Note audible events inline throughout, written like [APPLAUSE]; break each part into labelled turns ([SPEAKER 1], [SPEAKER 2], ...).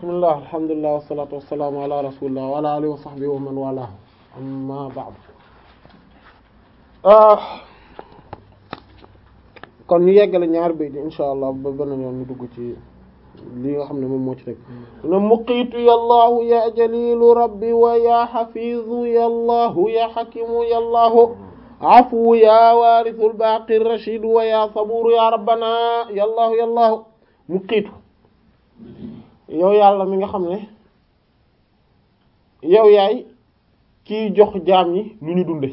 [SPEAKER 1] bismillah alhamdulilah wasalatu wasalaamu ala rasulillah wa ala alihi wa sahbihi wa man wala amma ba'd ah, kon ñu yeggale ñaar bay di insha allah ba beneen yoon ñu dugg ci li nga xam ne moom moo ci rek ne muqiitu yallaahu ya jalilu rabbi wa ya xafizu yallaahu ya xakimu yallaahu afu ya waarisul baaqi rashidu wa ya sabuuru ya rabbana yallaahu yallaahu muqiitu yow yàlla mi nga xam ne yow yaay kiy jox jaam ñi lu ñu dunde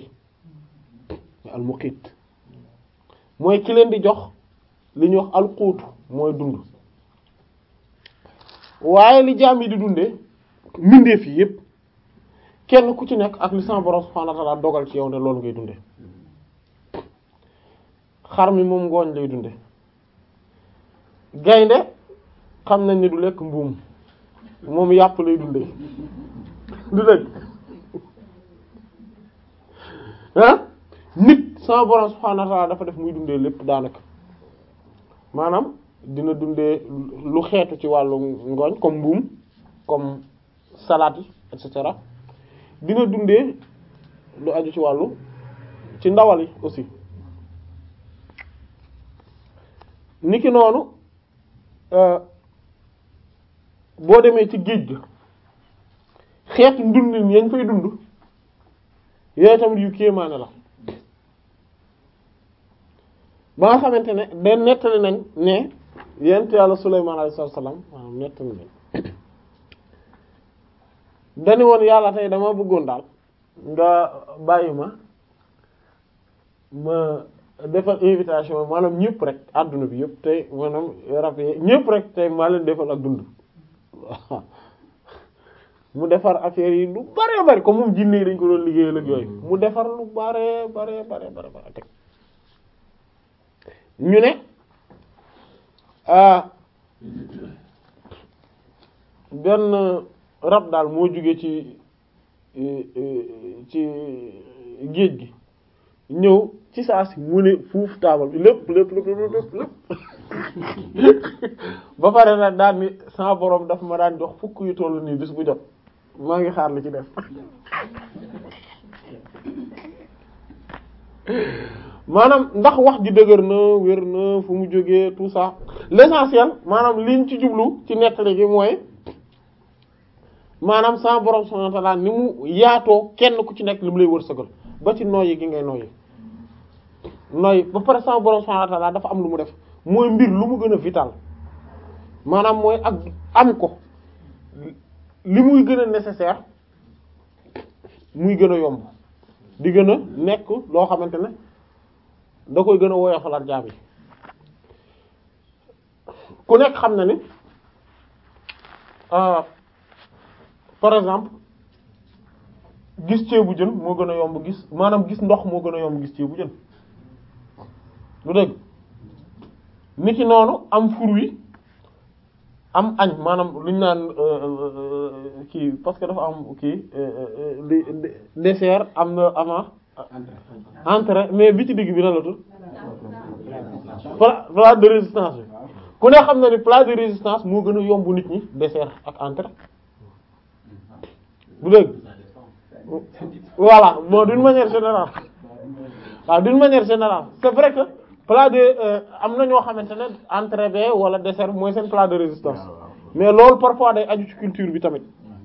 [SPEAKER 1] almuqiit mooy kileen di jox li ñuy wax alquutu mooy dund waaye li jaam yi di dunde mbindeef yi yépp kenn ku ci nekk ak li sama borom subhanahu wa ta'ala ci yow ne loolu ngay dunde xar mi moom ngooñ lay dunde gaynde xam nañ ne du lekk mbuum moom yàpp lay dundee du dëgg ah nit sama borom subhaanahu wa ta'ala dafa def muy dundee lépp daanaka maanaam dina dundee lu xeetu ci wàllu ngooñ comme mbuum comme salade yi et cetera dina dundee lu aju ci wàllu ci ndawal yi aussi niki noonu. Euh, boo demee ci géej ga xeet dundin yañ fay dund yooyu tamit yu kéemaane la ba nga xamante ne da nettali nañ ne yent yàlla Sulaymaan alayhi salaam maanaam nettali nañ dani yàlla tey dama bëggoon daal nga bàyyi ma ma defal invitation maanaam ñëpp rek àdduna bi yëpp tey maanaam rab yi ñëpp rek tey maa leen defal ak dund mu defar affaire yi lu bare bare comme moom jinne yi ko doon liggéeyal ak yooyu mm. mu defar lu bare bare bare bare teg ñu ne ah, benn rab daal moo jóge ci e, e, ci géej gi ñëw ci saa si mu ne fuuf taabal bi lépp lépp lépp [LAUGHS] ba pare nag daan ni sama borom daf ma daan jox fukk yu toll nii bis bu jot maa ngi xaar li ci def [LAUGHS] maanaam ndax wax ji dëgër na wér na fu mu jógee tout ça l'essentiel maanaam liñ ci jublu ci nettali gi mooy maanaam sama borom subhanahu wa mu yaatoo kenn ku ci nekk li mu lay wërsëgal ba ci nooyi gi ngay nooyi nooyi ba pare sama borom subhanahu wa dafa am lu mu def. mooy mbir lu mu gën a vital maanaam mooy ak am ko li muy gën a nécessaire muy gën a yomb di gën a nekk loo xamante ne da koy gën a woyofalaat jaam yi ku nekk xam na ni euh, par exemple gis ceebu jën moo gën a yomb gis maanaam gis ndox moo gën a yomb gis ceebu jën lu dëgg ni ki noonu am fur wi am añ maanaam lu ñu naan euh, euh, kii parce que dafa am kii euh, dessert am na avant entrée mais bi ci digg bi na la tudd plat de résistance bi ku ne xam na ni plat de résistance moo gën a yomb nit ñi dessert ak entrée bu dëgg voilà bon d'une manière générale waaw d'une manière générale c'est vrai que plat de euh, am na ñoo xamante ne entrée wala dessert mooy seen plat de résistance ah, mais loolu parfois day aju culture bi tamit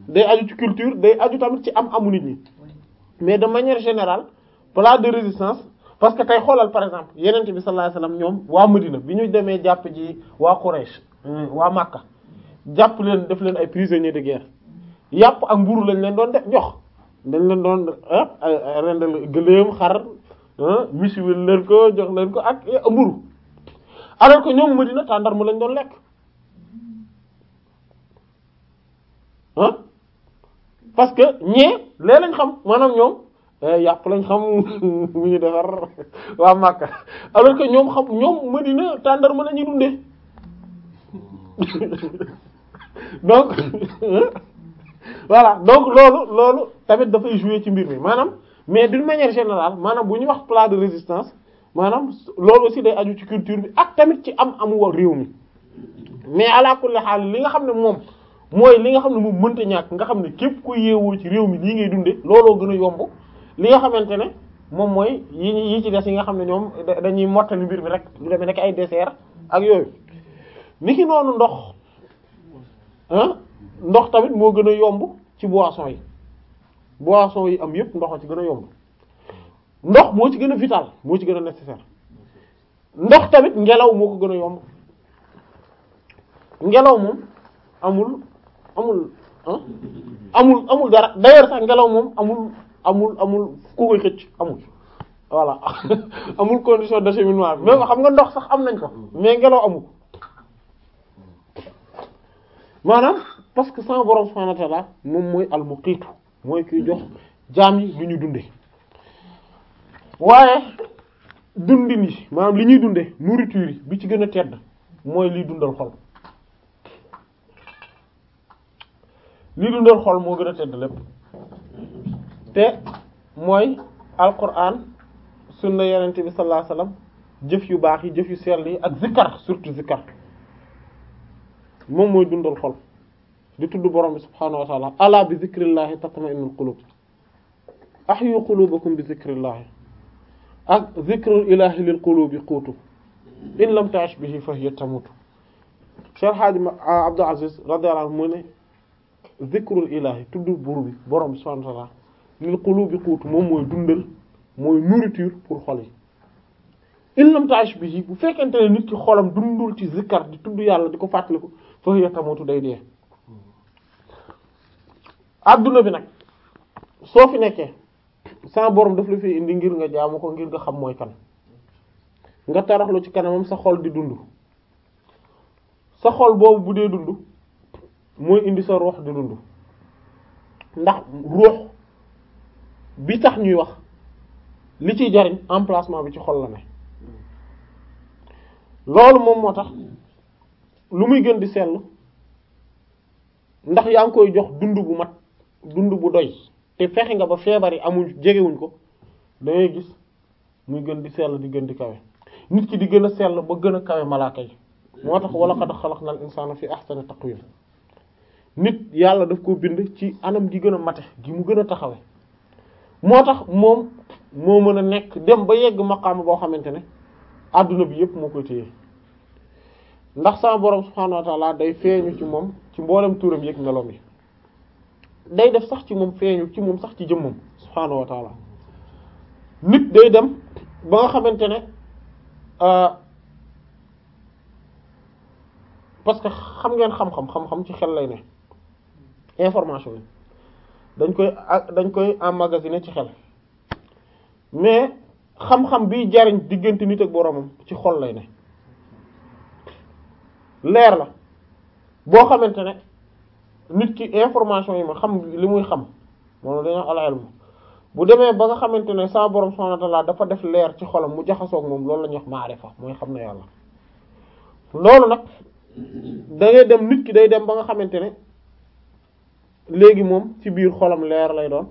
[SPEAKER 1] day aju culture day aju tamit ci am amu nit ñi mais de manière général plat de résistance parce que tey xoolal par exemple yenent bi sallallahu alayhi wasallam ñoom waa Medina bi ñu demee jàpp ji waa Quraysh euh, waa Makka jàpp leen def leen ay prisonniers de guerre yàpp ak mburu lañ leen doon def jox dañ leen doon rendal gëléem xar misiwil leen ko jox leen ko ak eh, mburu alors que ñoom Madina tàndarma lañ doon lekk parce que ñee lee lañ xam maanaam ñoom eh, yàpp lañ xam [LAUGHS] mu ñu defar [LAUGHS] waa Makka alors que ñoom xam ñoom Madina tàndarma la ñuy dundee [LAUGHS] donc voilà donc loolu loolu tamit dafay jouer ci mbir mi maanaam mais d'une manière générale maanaam bu ñu wax plat de résistance maanaam loolu aussi day aju ci culture bi ak tamit ci am amu wa réew mi mais ala kulli xaal li nga xam ne moom mooy li nga xam ne moom mënta ñàkk nga xam ne képp ku yeewoo ci réew mi lii ngay dunde looloo gën yomb li nga xamante ne moom mooy yi yi ci des yi nga xam ne ñoom dañuy mottali mbir mi rek lu demee nekk ay dessert ak yooyu niki noonu ndox ndox tamit moo gën a yomb ci boisson yi boisson yi am yëpp ndox a ci gën a yomb ndox moo ci gën a vital moo ci gën a nécessaire ndox tamit ngelaw moo ko gën a yomb ngelaw moom amul amul amul dara d'ailleurs sax ngelaw moom amul amul amul ku koy xëcc amul voilà [LAUGHS] amul condition d'acheminement bi même xam nga ndox sax am nañ ko mais ngelaw amul maanaam parce que sans borom subhanahu wa moom mooy al muqitu mooy kuy jox jaam yi lu ñu dunde waaye dundin yi maanaam li ñuy dunde nourriture yi bi ci gën a tedd mooy liy dundal xol liy dundal xol moo gën a tedd lépp te mooy alquran sunna yonent bi sallallahu jëf yu baax yi jëf yu sell yi ak zikkar surtout zikkar moom mooy dundal xol di tudd borom bi subhaanahu wa taala ala bi zikrillahi tatma'innul qulub ahyu qulubakum bi zikrillahi ak zikrul ilahi lil qulubi quutu in lam ta'ish bihi fa hiya tamutu Cheikh Hadji Abdou Aziz radiyallahu anhu mu ne zikrul ilahi tudd buur bi borom bi subhaanahu wa taala lil qulubi quutu moom mooy dundal mooy nourriture pour xol yi in lam ta'ish bihi bu fekkente ne nit ki xolam dundul ci zikkar di tudd yàlla di ko fàttaliku fa hiya tamutu day dee adduna bi nag soo fi nekkee sa boroom daf la fi indi ngir nga jaamu ko ngir nga xam mooy kan nga taraxlu ci kanamam sa xol di dund sa xol boobu bu dee dund mooy indi sa ruux di dund ndax ruux bi tax ñuy wax li ciy jariñ emplacement bi ci xol la ne loolu moom moo tax lu muy gën di sell ndax yaa ngi koy jox dund bu mat dund bu doy te fexe nga ba feebar yi amuñ jegewuñ ko da ngay gis muy gën di sell di gën di kawe nit ki di gën a sell ba gën a kawe malaaka yi moo tax wala qad xalaqnal insaana fi ahsani taqwiim nit yàlla daf koo bind ci anam gi gën a mate gi mu gën a taxawe moo tax moom moo mën a nekk dem ba yegg maqaam boo xamante ne adduna bi yépp moo koy téye ndax sama borom subhaanahu wa ta'ala day feeñu ci moom ci mboolem tuuram yëg meloom yi day def sax ci moom feeñu ci moom sax ci jëmmam subhaanahu wa nit day dem ba nga xamante ne euh, parce que xam ngeen xam-xam xam-xam ci xel lay ne information dañ koy dañ koy en magasine ci xel mais xam-xam biy jariñ diggante nit ak boromam ci xol lay ne leer la boo xamante ne nit ki information yi ma xam li muy xam moom dañoo al ilm bu demee ba nga xamante ne saa borom subhanahu wa dafa def leer ci xolam mu jaxasoog moom loolu la ñuy wax maarifa mooy xam na yàlla loolu nag da dem nit ki day dem ba nga xamante ne léegi moom ci biir xolam leer lay doon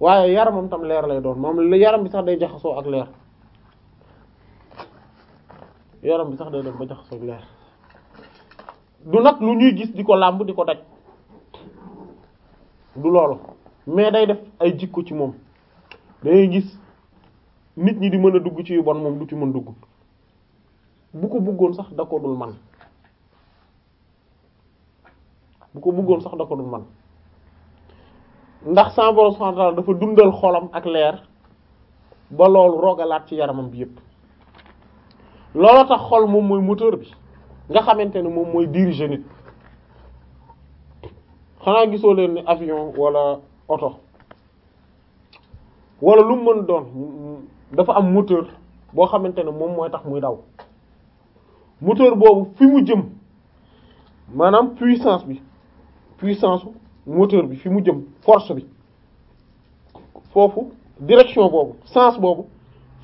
[SPEAKER 1] waaye yaramam tam leer lay doon moom yaram bi sax day jaxasoo ak leer yaram bi sax day dem ba jaxasoo ak leer du nag lu ñuy gis di ko làmb di ko daj du loolu mais day def ay jikko ci moom dangay gis nit ñi di mën a dugg ci yu bon moom du ci mën dugg bu ko buggoon sax da ko dul man bu ko buggoon sax da ko dul man ndax sa Boroom dafa dundal xolam ak leer ba loolu rogalaat ci yaramam bi yépp looloo tax xol moom mooy moteur bi nga xamante ne moom mooy diriger nit xanaa gisoo leen ni avion wala oto wala lu mu doon dafa am moteur boo xamante ne moom mooy tax muy daw moteur boobu fi mu jëm maanaam puissance bi puissance moteur bi fi mu jëm force bi foofu direction boobu sens boobu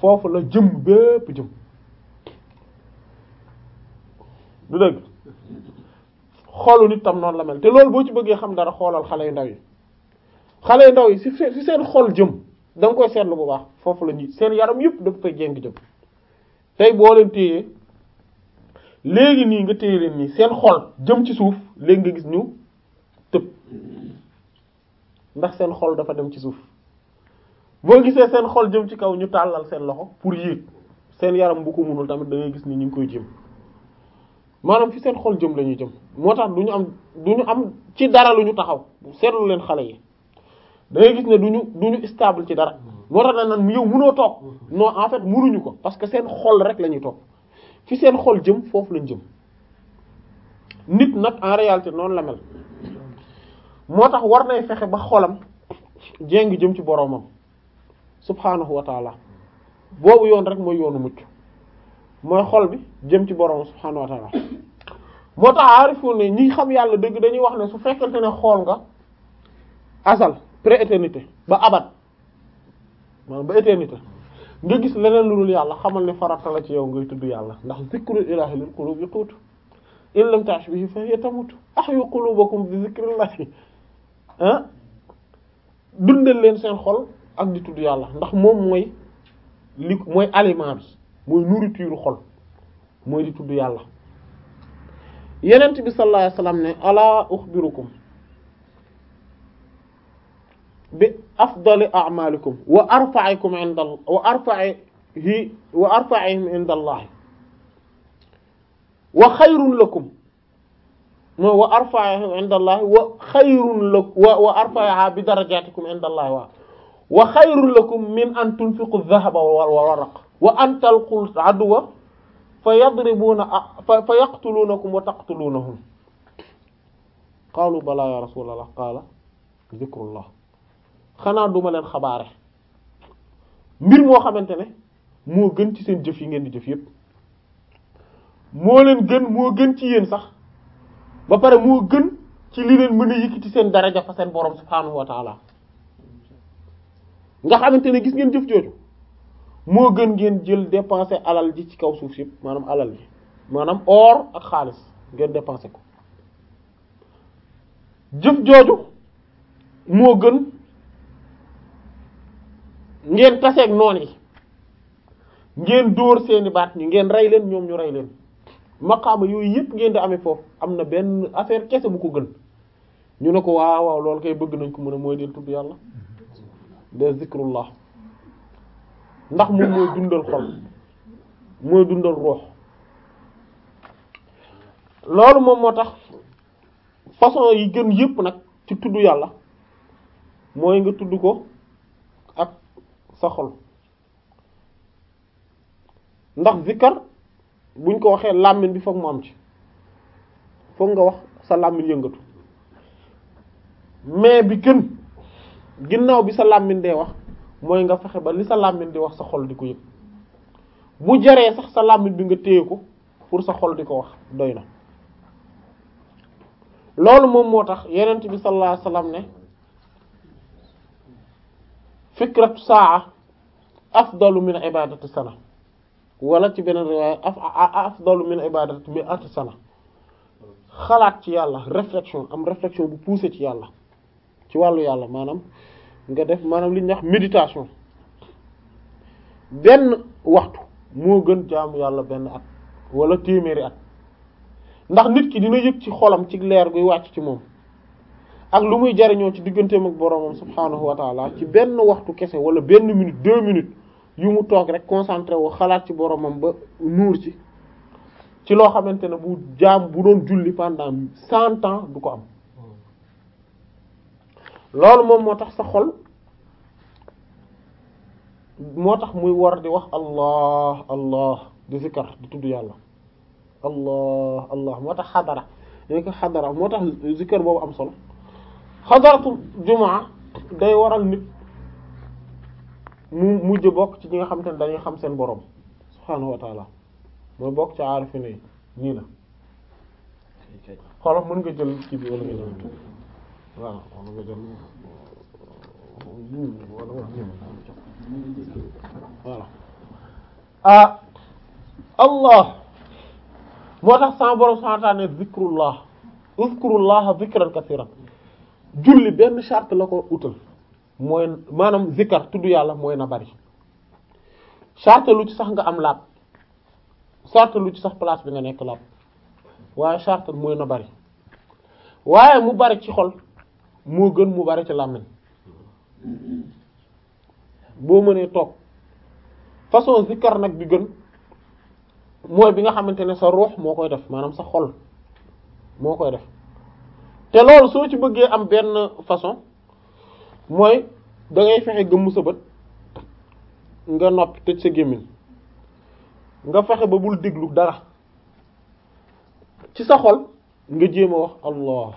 [SPEAKER 1] foofu la jëm bépp jëm du dëgg xolu nit tam noonu la mel te loolu boo ci bëggee xam dara xoolal xale yu ndaw yi xale yu ndaw yi si si seen xol jëm da nga koy seetlu bu baax foofu la ñuy seen yaram yëpp dafa koy jéng jëm tey boo leen téyee léegi nii nga téye leen nii seen xol jëm ci suuf léegi nga gis ñu tëb ndax seen xol dafa dem ci suuf boo gisee seen xol jëm ci kaw ñu tàllal seen loxo pour yéeg seen yaram bu ko munul tamit da gis nii ñu ngi koy jëm maanaam fi seen xol jëm la ñuy jëm moo tax du ñu am du ñu am ci dara lu ñu taxaw seetlu leen xale yi da gis ne du ñu du stable ci dara moo tax na nan yow mënoo toog non en fait mënuñu ko parce que seen xol rek la ñuy toog fi seen xol jëm foofu lañ jëm nit nag en réalité noonu la mel moo tax war nay fexe ba xolam jéng jëm ci boroomam subhaanahu wa taala boobu yoon rek mooy yoonu mucc mooy xol bi jëm ci borom subhaanahu wa ta'ala moo tax aarifu ne ñi xam yàlla dëgg dañuy wax ne su fekkente ne xool nga asal pré ba abat maanaam ba éternité nga gis leneen lu dul yàlla xamal ne farata la ci yow ngay tudd yàlla ndax zikrul ilaahi lil qulub yaqutu in lam tash bihi fa hiya tamutu ahyu qulubakum bi zikrillahi ah dundal leen seen xol ak di tudd yàlla ndax moom mooy li mooy aliment bi mooy nourriture xol mooy di tudd yàlla yenent bi sallallahu alayhi wasallam ne ala ukhbirukum bi afdali a'malikum wa arfa'ikum 'inda wa arfa'ihi wa arfa'ihim 'inda Allah wa xayrun lakum non wa arfa'ihim 'inda Allah wa xayrun lakum wa arfa'iha bi darajatikum 'inda Allah wa wa xayrun lakum min an tunfiqu adh-dhahaba wal waraq wa an talqul aduwa fa yadribuna fa fa yaqtulunakum wa taqtulunahum qaalu balaa ya rasulallah qaala zikrullah xanaa duma leen xabaare mbir moo xamante ne moo gën ci seen jëf yi ngeen di jëf yépp moo leen gën moo gën ci yéen sax ba pare moo gën ci li leen mën a yëkkati seen daraja fa seen borom subhaanahu wa taala nga xamante ne gis ngeen jëf jooju moo gën ngeen jël dépenser alal ji ci kaw suuf si maanaam alal ji maanaam or ak xaalis ngeen dépenser ko jëf jooju moo gën ngeen taseeg noon yi ngeen dóor seeni baat ñi ngeen rey leen ñoom ñu rey leen maqaama yooyu yëpp ngeen di amee foofu am na benn affaire kese bu ko gën ñu ne ko waaw waaw loolu kay bëgg nañ ko mën a mooy del tudd yàlla de zikrullah ndax moom mooy dundal xol mooy dundal ruux loolu moom moo tax façon yi gën yépp nag ci tudd yàlla mooy nga tudd ko ak sa xol ndax zikkar buñ ko waxee làmmiñ bi fokk moo am ci foog nga wax sa làmmiñ yëngatu mais bi gën ginnaaw bi sa làmmiñ dee wax mooy nga fexe ba li sa làmmiñ di wax sa xol di ko yëg bu jaree sax sa làmmiñ bi nga téye ko pour sa xol di ko wax doy na loolu moom moo tax yenent bi sallallahu alayhi wasallam ne fikratu saa afdalu min ibadati sana wala ci beneen riwaaya afdalu min ibadati mi'ati sana xalaat ci yàlla réflexion am réflexion bu poussé ci yàlla ci wàllu yàlla maanaam nga def maanaam li ñuy wax méditation benn waxtu moo gën jaamu yàlla benn at wala téeméeri at ndax nit ki dina yëg ci xolam ci leer guy wàcc ci moom ak lu muy jariñoo ci digganteem ak boroomam subhaanahu wa ci benn waxtu kese wala benn minute deux minute yu mu toog rek concentré wu xalaat ci boroomam ba nuur ci ci loo xamante ne bu jaam bu doon julli pendant cent ans du ko am loolu moom moo tax sa xol moo tax muy war di wax allah allah di zikar di tudd yàlla allah allah moo tax xadara dañ ko xadara moo tax zikar boobu am solo xadaratul jumaa day waral nit mu mujj bokk ci ñi nga xam te ne dañuy xam seen borom subhaanahu wa taala mooy bokk ci aarifina yi nii la xoolal mën nga jël ci bi wala nga jël waaw wax nga ah allah moo tax sama borom subhanahu wa ta'ala ne zikrullah uzkurullaha zikran kasiran julli benn charte la ko utal mooy maanaam zikar tudd yàlla mooy na bari charte lu ci sax nga am laat charte lu ci sax place bi nga nekk laab waaye charte mooy na bari waaye mu bari ci xol moo gën mu bari ci làmmiñ boo mënee toog façon zikkar nag bi gën mooy bi nga xamante ne sa ruux moo koy def maanaam sa xol moo koy def te loolu soo ci bëggee am benn façon mooy dangay ngay fexe gëmm sa bët nga noppi tëj sa gémmiñ nga fexe ba bul déglu dara ci sa xol nga jéem a wax allah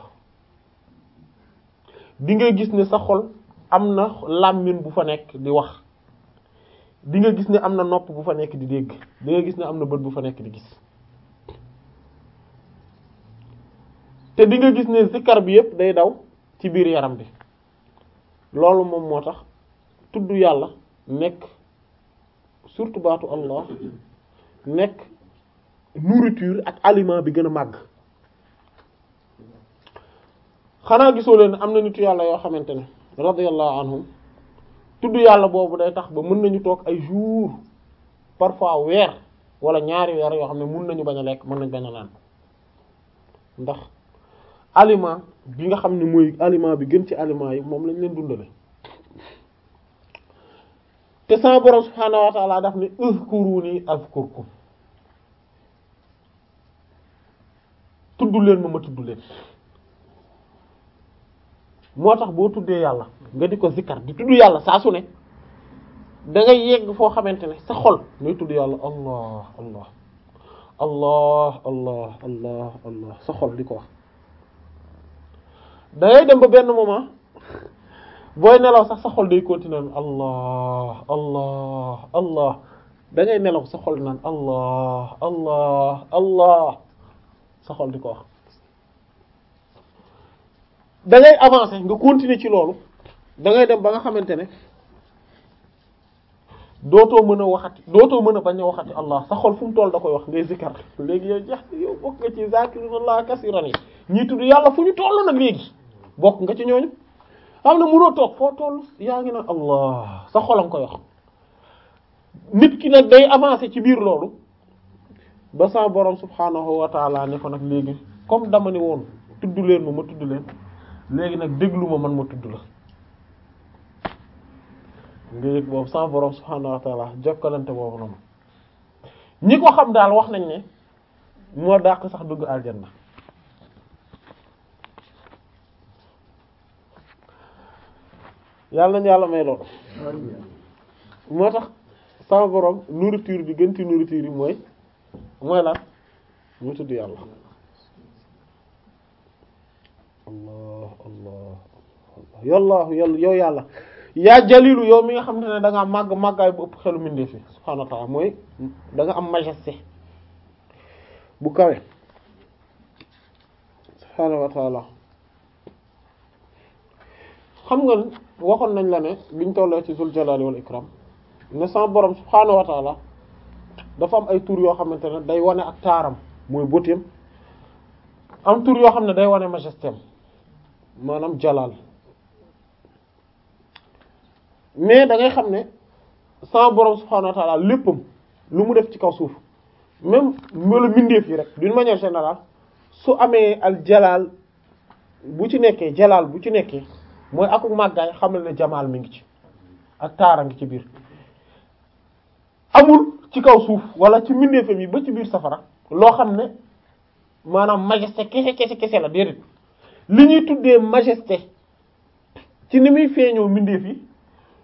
[SPEAKER 1] dinga gis ne sa xol am na làmmin bu fa nekk di wax di nga gis ne am na nopp bu fa nekk di dégg dinga gis ne am na bët bu fa nekk di gis te di nga gis ne zikkar bi yépp day daw ci biir yaram bi loolu moom moo tax tudd yàlla nekk surtout baatu Allah nekk nourriture ak aliment bi gën a màgg xanaa gisoo leen am na nitu yàlla yoo xamante ne radiyallahu anhum tudd yàlla boobu day tax ba mën nañu toog ay jours parfois weer wala ñaari weer yoo xam ne mun nañu bañ a lekk mën nañ bañ a naan ndax aliment bi nga xam ne mooy aliment bi gën ci aliment yi moom lañ leen dundale te sama borom subhaanahu wa ta'ala daf ne uzkuruni azkurkum tudd leen ma ma tudd leen moo tax boo tuddee yàlla nga di ko zikkar di tudd yàlla saa su ne da ngay yegg foo xamante ne sa xol ngay tudd yàlla allah allah allah allah allah allah sa di ko da dem ba benn moment booy nelaw sax sa xol day continuer naan allah allah allah da ngay nelaw sa xol naan allah allah allah sa xol di ko wax da ngay avancer nga continuer ci loolu da ngay dem ba nga xamante ne dootoo mën a waxati dootoo mën a bañ a waxati allah sa xol fu mu toll da koy wax ngay zikkar léegi yow jeex yow bokk nga ci zakirullah kasiran yi ñii tudd yàlla fu ñu toll nag léegi bokk nga ci ñooñu xam ne mënoo toog foo toll yaa ngi naan allah sa xol a nga nit ki nag day avancer ci biir loolu ba sa borom subhanahu wa taala ne ko nag léegi comme dama ne woon tudd leen ma ma tudd leen léegi nag déglu ma man ma tudd la nga yëg boobu sans borom subhaanahu wa jokkalante boobu noonu ñi ko xam daal wax nañ ne moo dàq sax dugg aljanna yàlla nañu yàlla may lool moo tax sama borom nourriture bi gën ci nourriture yi mooy mooy lan mu tudd yàlla allah allah yàlla yow yàlla yaa jalilu yow mi nga xam ne danga ngaa màgg màggaay bu ëpp xelu mindee fi subhaanahu wa mooy danga am majesté bu kawe subhaanahu wa ta'ala xam nga waxoon nañ la ne biñ tolloo ci zul jalali wal ikram ne sama borom subhaanahu wa ta'ala dafa am ay tur yoo xamante ne day wane ak taaram mooy bëteem am tur yoo xam ne day wane majesté maanaam jalaal mais da ngay xam ne sans borom subhanahu wa léppam lu mu def ci kaw suuf même melu mbindeef yi rek d'une manière générale su amee al jalaal bu ci nekkee jalaal bu ci nekkee mooy akuk màggaay xamal ne jamaal mi ngi ci ak taara ngi ci biir amul ci kaw suuf wala ci mbindeefam yi ba ci biir safara loo xam ne maanaam majesté kese kese kese la déedéet li ñuy tuddee majesté ci ni muy feeñoo mbindeef yi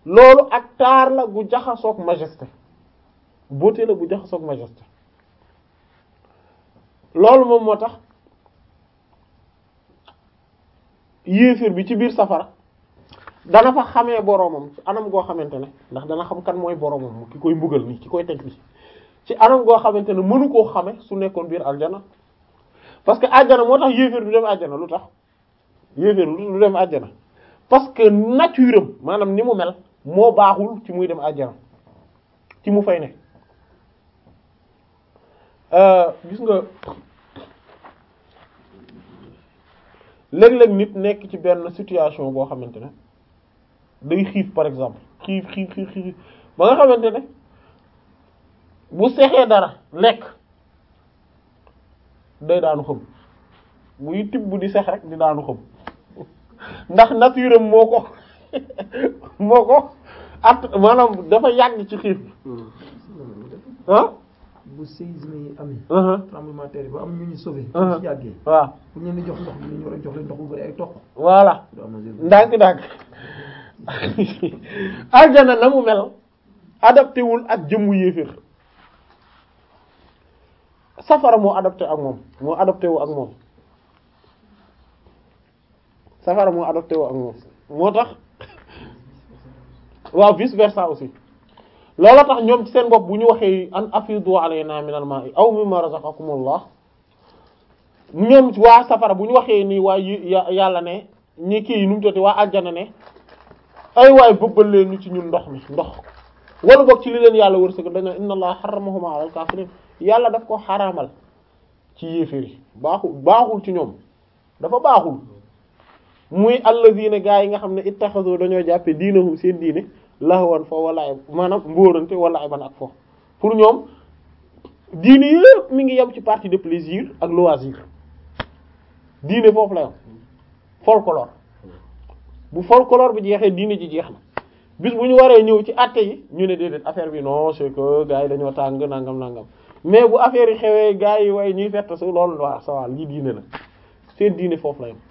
[SPEAKER 1] loolu ak taar la gu jaxasoog majesté beauté la gu jaxasoog majesté loolu moom moo tax yéefir bi ci biir safara dana fa xamee boroomam ci anam goo xamante ne ndax dana xam kan mooy boroomam ki koy mbugal nii ki koy teg nii ci anam goo xamante ne mënu koo xame su nekkoon biir aljana parce que aljana moo tax yéefir bi dem aljana lu tax yéeféer lu dem àjjana parce que nature am maanaam ni mu mel moo baaxul ci muy dem àjjana ci mu fay ne euh, gis nga léeg-léeg nit nekk ci benn situation boo xamante ne day xiif par exemple xiif xiif xiif ba nga xamante ne bu sexee dara lekk day daanu xëm muy tibb di sex rek di daanu xëm ndax nature am moo ko [LAUGHS] moo ko at maanaam dafa yàgg ci xiif ah bu séisme yi amee uh-huh. tremblement terre ba am ñu ñu sauvé uh-huh. ci yàggee ñu leen jox a jox leen ndox bu bari ay toq voilà ndànk ndànk [LAUGHS] aljana na mu mel adapté wul ak jëmmu yéeféer safara moo adapté ak moom moo adapté wu ak moom safara moo adopté woo ak moo tax waaw vice versa aussi loola tax ñoom seen bopp bu ñu waxee an afidu alayna minal ma'i aw ma razaqakumullah ñoom waa safara bu ñu waxee nii waa yàlla ne ñi kii nu mu waa aljana ne ay waay bëbbal leen ci ñu ndox mi ndox wala boog ci li leen yàlla wërsëg dañu inna allaha harramahuma alal kafirin yàlla daf ko xaramal ci yéeféri baaxul baaxul ci ñoom dafa baaxul muy àll allazina gaa yi nga xam ne it ittaxasu dañoo jàppee diinahum seen diine lahwan fo wala maanaam mbóorante wala ban ak fo pour ñoom diine yëpp mi ngi yem ci partie de plaisir ak loisir diine foofu la yam folklore bu folklore bi jeexee diine ji jeex na bis bu ñu waree ñëw ci àtte yi ñu ne déedéet affaire bi non c'est que yi dañoo tàng nangam nangam mais bu affaire yi xewee gars yi way ñuy fett su loolu waa sawal lii diine la seen foofu la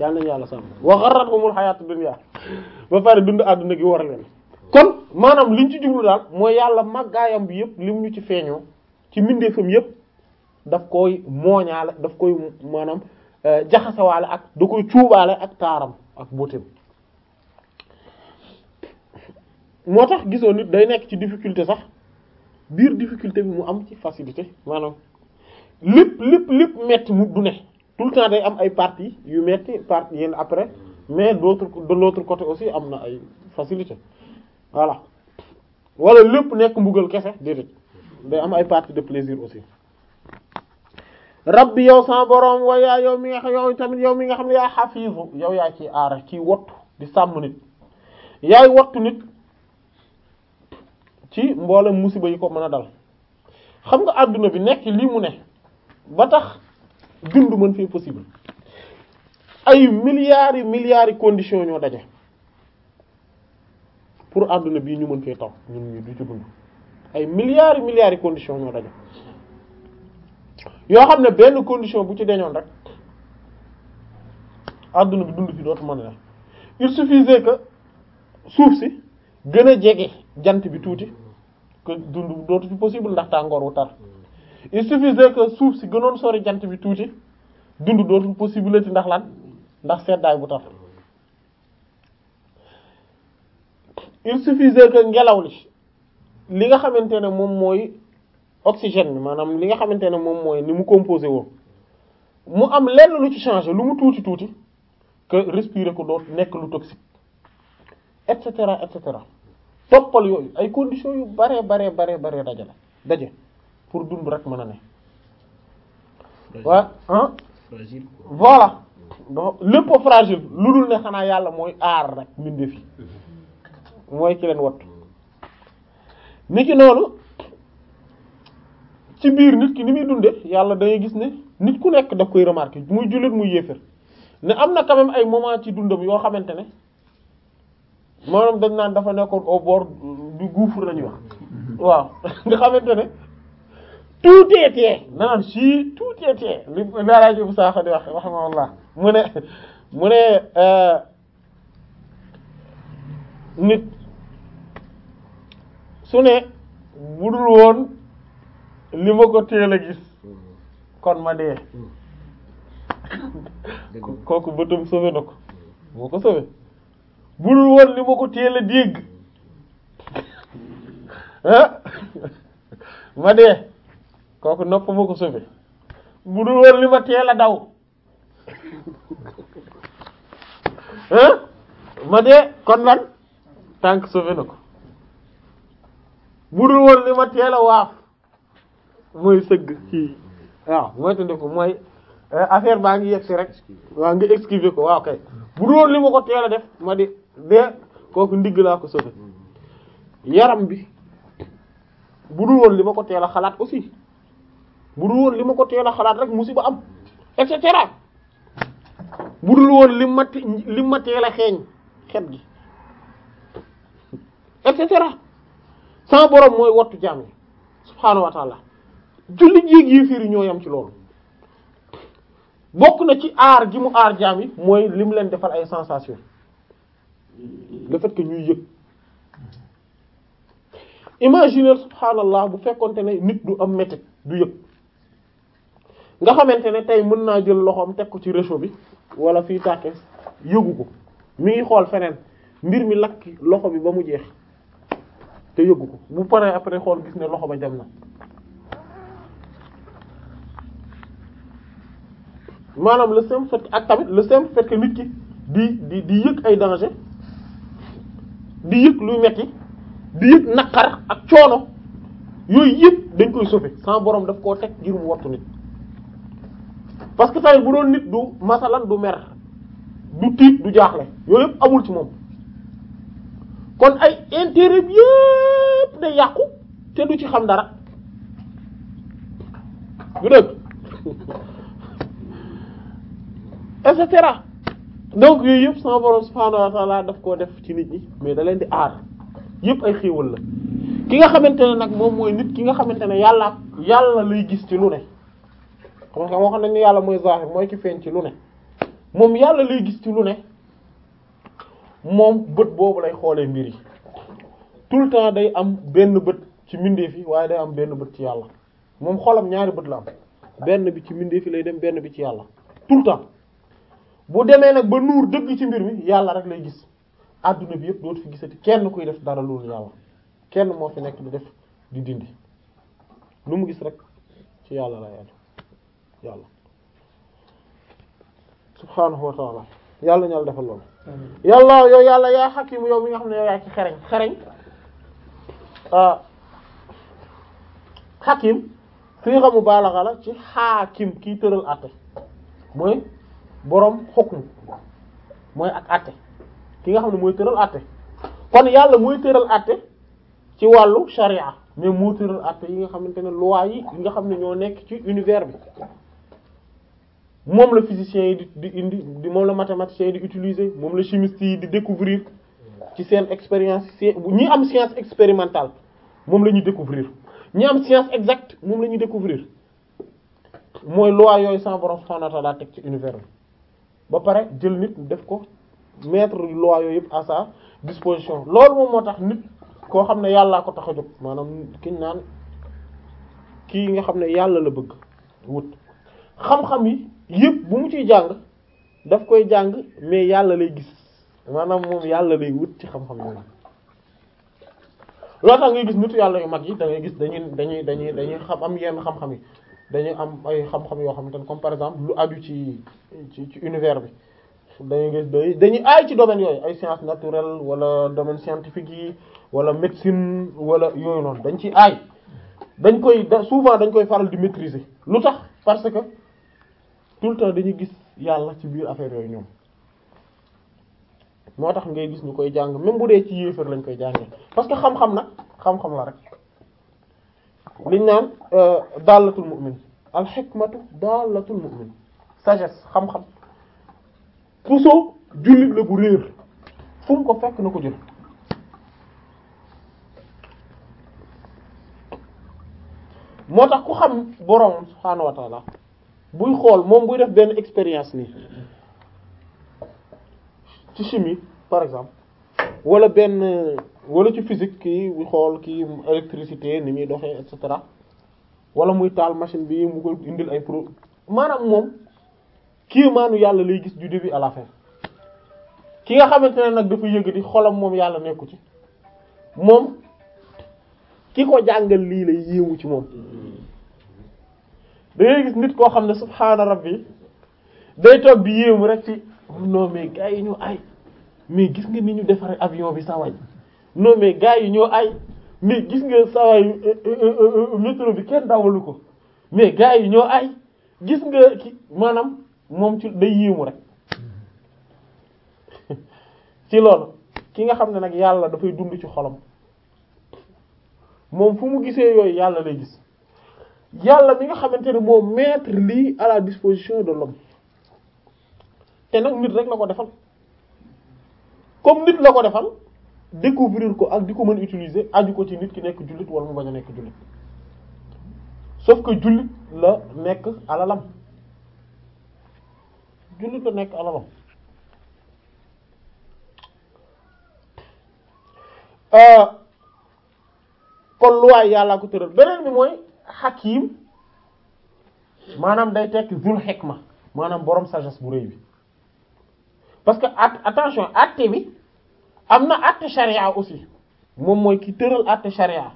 [SPEAKER 1] yàlla nañu yàlla sàmm wa gharrahumul hayaatud ba pare dund àdduna gi war leen kon maanaam liñ ci jublu daal mooy yàlla màggaayam bi yëpp lim ñu ci feeñoo ci mbindeefam yépp daf koy mooñaale daf koy maanaam euh, jaxasewaale ak da koy cuubaale ak taaram ak booteem moo tax gisoo nit day nekk ci difficulté sax biir difficulté bi mu am ci facilité maanaam lépp lépp lépp metti mu du ne tout le temps day am ay parties yu metti parties yenn après mais d'autre de l'autre côté aussi am na ay facilité voilà walla lépp nekk mbugal kese déedéet day am ay parties de plaisir aussi rabbi yow sama boroom wayaa yow mi nga xam yow tamit yow mi nga xam ne yaa xafiisu yow yaa ci aara ci wattu di sàmm nit yaay wattu nit ci mboolem musiba yi ko mën a dal xam nga àdduna bi nekk lii mu ne ba tax dund mën fee possible ay milliards yi milliards yi conditions ñoo daje pour àdduna bii ñu mën fee taw ñun ñu du ci dund ay milliards yi milliards yi conditions ñoo daje yoo xam ne benn condition bu ci dañoon rek àdduna bi dund fi dootu mën na il suffisait que suuf si gën a jege jant bi tuuti que dund dootu fi possible ndax tàngoor wu tar il suffisait que suuf si gënoon sori jant bi tuuti dundu dootul possibilité ndax lan ndax seddaay bu tar il suffisait que ngelaw li li nga xamante ne moom mooy oxygène bi maanaam li nga xamante ne moom mooy ni mu composé woo mu am lenn lu ci changé lu mu tuuti tuuti que respirer ko dootu nekk lu toxique et cetera et cetera toppal yooyu ay conditions yu bare bare bare bare dajale daje pour dund rek mën a ne wa ah voilà dafa lépp a fragile lu dul ne xanaa yàlla mooy aar rek mbindeef yi mooy ki wattu ni ki noonu ci biir nit ki ni muy dunde yàlla dangay gis ne nit ku nekk daf koy remarquer muy jullit muy yéefér ne am na quand ay moment ci dundam yoo xamante ne maanaam dañ naan dafa nekkoon au bord du gouffre lañuy wax mm-hmm. waaw [LAUGHS] nga xamante ne tout est bien maanaam si tout est bien li Alaaji Ibou Sakho di wax rahimahullah mu ne mu ne euh, nit su ne budul woon li ma ko teel gis kon ma dee kooku bëtum sauvé na ko moo ko sauvé budul li ma ko teel a dégg [LAUGHS] ah [LAUGHS] kooku nopp moo ko sauvé bu dul woon li ma teel daw hein ma dee kon lan tànk sauvé na ko bu dul woon li ma teel waaf mooy sëgg ci waaw mooy tënde ko mooy affaire baa ngi yegsi rek waaw nga esquiver ko waaw kay bu woon li ma ko teel a def ma di dee kooku ndigg laa ko sauvé yaram bi bu dul woon li ma ko teel a xalaat aussi bu dul woon li ma ko a xalaat rek musiba am et cetera bu woon li ma a xeeñ xet gi et cetera sama borom mooy wattu jaam yi subhaanahu wa taala julli jéeg yi ñoo yam ci loolu bokk na ci aar gi mu aar jaam yi mooy lim leen defal ay sensation le fait que ñuy yëg imaginer subhaanallah bu fekkonte ne nit du am métit du yëg nga xamante ne tey mën naa jël loxoom teg ko ci réchaud bi wala fii tàkke yëgu ko mi ngi xool feneen mbir mi lakk loxo bi ba mu jeex te yëgu ko bu paree après xool gis ne loxo ba dem na maanaam le simple fait ak tamit le simple fait que di di di yëg ay danger di yëg luy metti di yëg naqar ak coono yooyu yëpp dañ koy sauver sans borom daf koo teg ngir mu wattu nit parce que tamit bu doon nit du masalan du mer du tiit du jaaxle yooyu yëpp amul ci moom kon ay intérêt yëpp day yàqu te du ci xam dara du dëgg et cetera donc yooyu yëpp sama borom subhaanahu wa daf koo def ci nit ñi mais da leen di aar yëpp ay xéewal la ki nga xamante ne nag moom mooy nit ki nga xamante ne yàlla yàlla lay gis ci lu ne. xam nga moo xam nañ ne yàlla mooy zahir mooy ki feeñ ci lu ne moom yàlla lay gis ci lu ne moom bët boobu lay xoolee mbir yi tout le temps day am benn bët ci mbindeef yi waaye day am benn bët ci yàlla moom xolam ñaari bët la am benn bi ci mbindeef yi lay dem benn bi ci yàlla tout le temps bu demee nag ba nuur dëgg ci mbir mi yàlla rek lay gis àdduna bi yëpp dootu fi gisati kenn kuy def dara loolu yàlla kenn moo fi nekk di def di dindi lu mu gis rek ci yàlla lay aju yàlla subhaanahu wa taala yàlla ñu defal loolu yàlla yow yàlla yaa xakimu yow mi nga xam ne yow yaa ci xereñ xereñ xakim ah, fi nga xamu baalaxa ci xaakim kiy tëral àtte mooy boroom xukm mooy ak àtte ki nga xam ne mooy tëral àtte kon yàlla mooy tëral àtte ci wàllu sharia mais moo tëral àtte yi nga xamante ne loi yi yi nga xam ne ñoo nekk ci univers bi moom la physicien yi di di indi moom la mathématicien yi di utiliser moom la chimiste yi di découvrir ci seen expérience ñi am science expérimentale moom la ñuy découvrir ñi am science exacte moom la ñuy découvrir mooy loi yooyu sans borom subhanahu wa ta'ala teg ci univers ba pare jël nit def ko mettre loi yooyu yëpp à sa disposition loolu moom moo tax nit koo xam ne yàllaa ko tax a jóg maanaam kiñ naan kii nga xam ne yàlla la bëgg wut xam-xam yi yëpp bu mu ciy jàng daf koy jàng mais yàlla lay gis maanaam moom yàlla lay wut ci xam-xam yooyu loo tax ngay gis nitu yàlla yu mag yi da ngay gis dañuy dañuy dañuy dañuy xam am yenn xam yi dañuy am ay xam yoo xamante ne comme par exemple lu aju ci ci ci univers bi dañuy gis dañuy aay ci domaine yooyu ay sciences naturelles wala domaine scientifique yi wala médecine wala yooyu noonu dañ ci aay dañ koy souvent dañ koy faral di maîtriser lu tax parce que tout le temps dañuy gis yàlla ci biir affaire yooyu ñoom moo tax ngay gis ñu koy jàng même bu dee ci yéefar lañ koy jàngee parce que xam-xam na xam-xam la rek liñ naan euh, daalatul mu'min al hikmatu daalatul mu'min sagesse xam-xam puso jullit la bu réer fu mu ko fekk na ko jël moo tax ku xam boroom subhaanahu wa buy xool moom buy def benn expérience nii ci chimie par exemple wala benn wala ci physique ki buy xool kii électricité ni muy doxee et cetera wala muy taal machine bi mu ko indil ay pro maanaam moom kii maanu yàlla lay gis du bi à la fin ki nga xamante ne nag dafa yëg di xolam moom yàlla nekku ci moom ki ko jàngal lii lay yéemu ci moom da ngay gis nit koo xam ne subhaana rabbi day toog bi yéemu rek ci non mais gars yi ñoo ay mais gis nga ni ñu defaree avion bi saway non mais gars yi ñoo ay mais gis nga saway euh, euh, euh, métro bi kenn dawalu ko mais gars yi ñoo ay gis nga ki maanaam moom ci day yéemu rek [LAUGHS] ci loolu ki nga xam ne nag yàlla dafay dund ci xolam moom fu mu gisee yooyu yàlla lay gis yàlla mi nga xamante ne moo mettre lii à la disposition de l'homme te nag nit rek la ko defal comme nit la ko defal découvrir ko ak di ko mën utiliser aju ci nit ki nekk jullit wala mu bañ nekk jullit sauf que jullit la nekk alalam jullit la nekk alalam euh, kon lu waay ko tëral beneen bi mooy xakim maanaam day tekki zul ma maanaam borom sagesse bu rëy bi parce que at attention atte bi am na atte charia aussi moom mooy ki tëral atte charia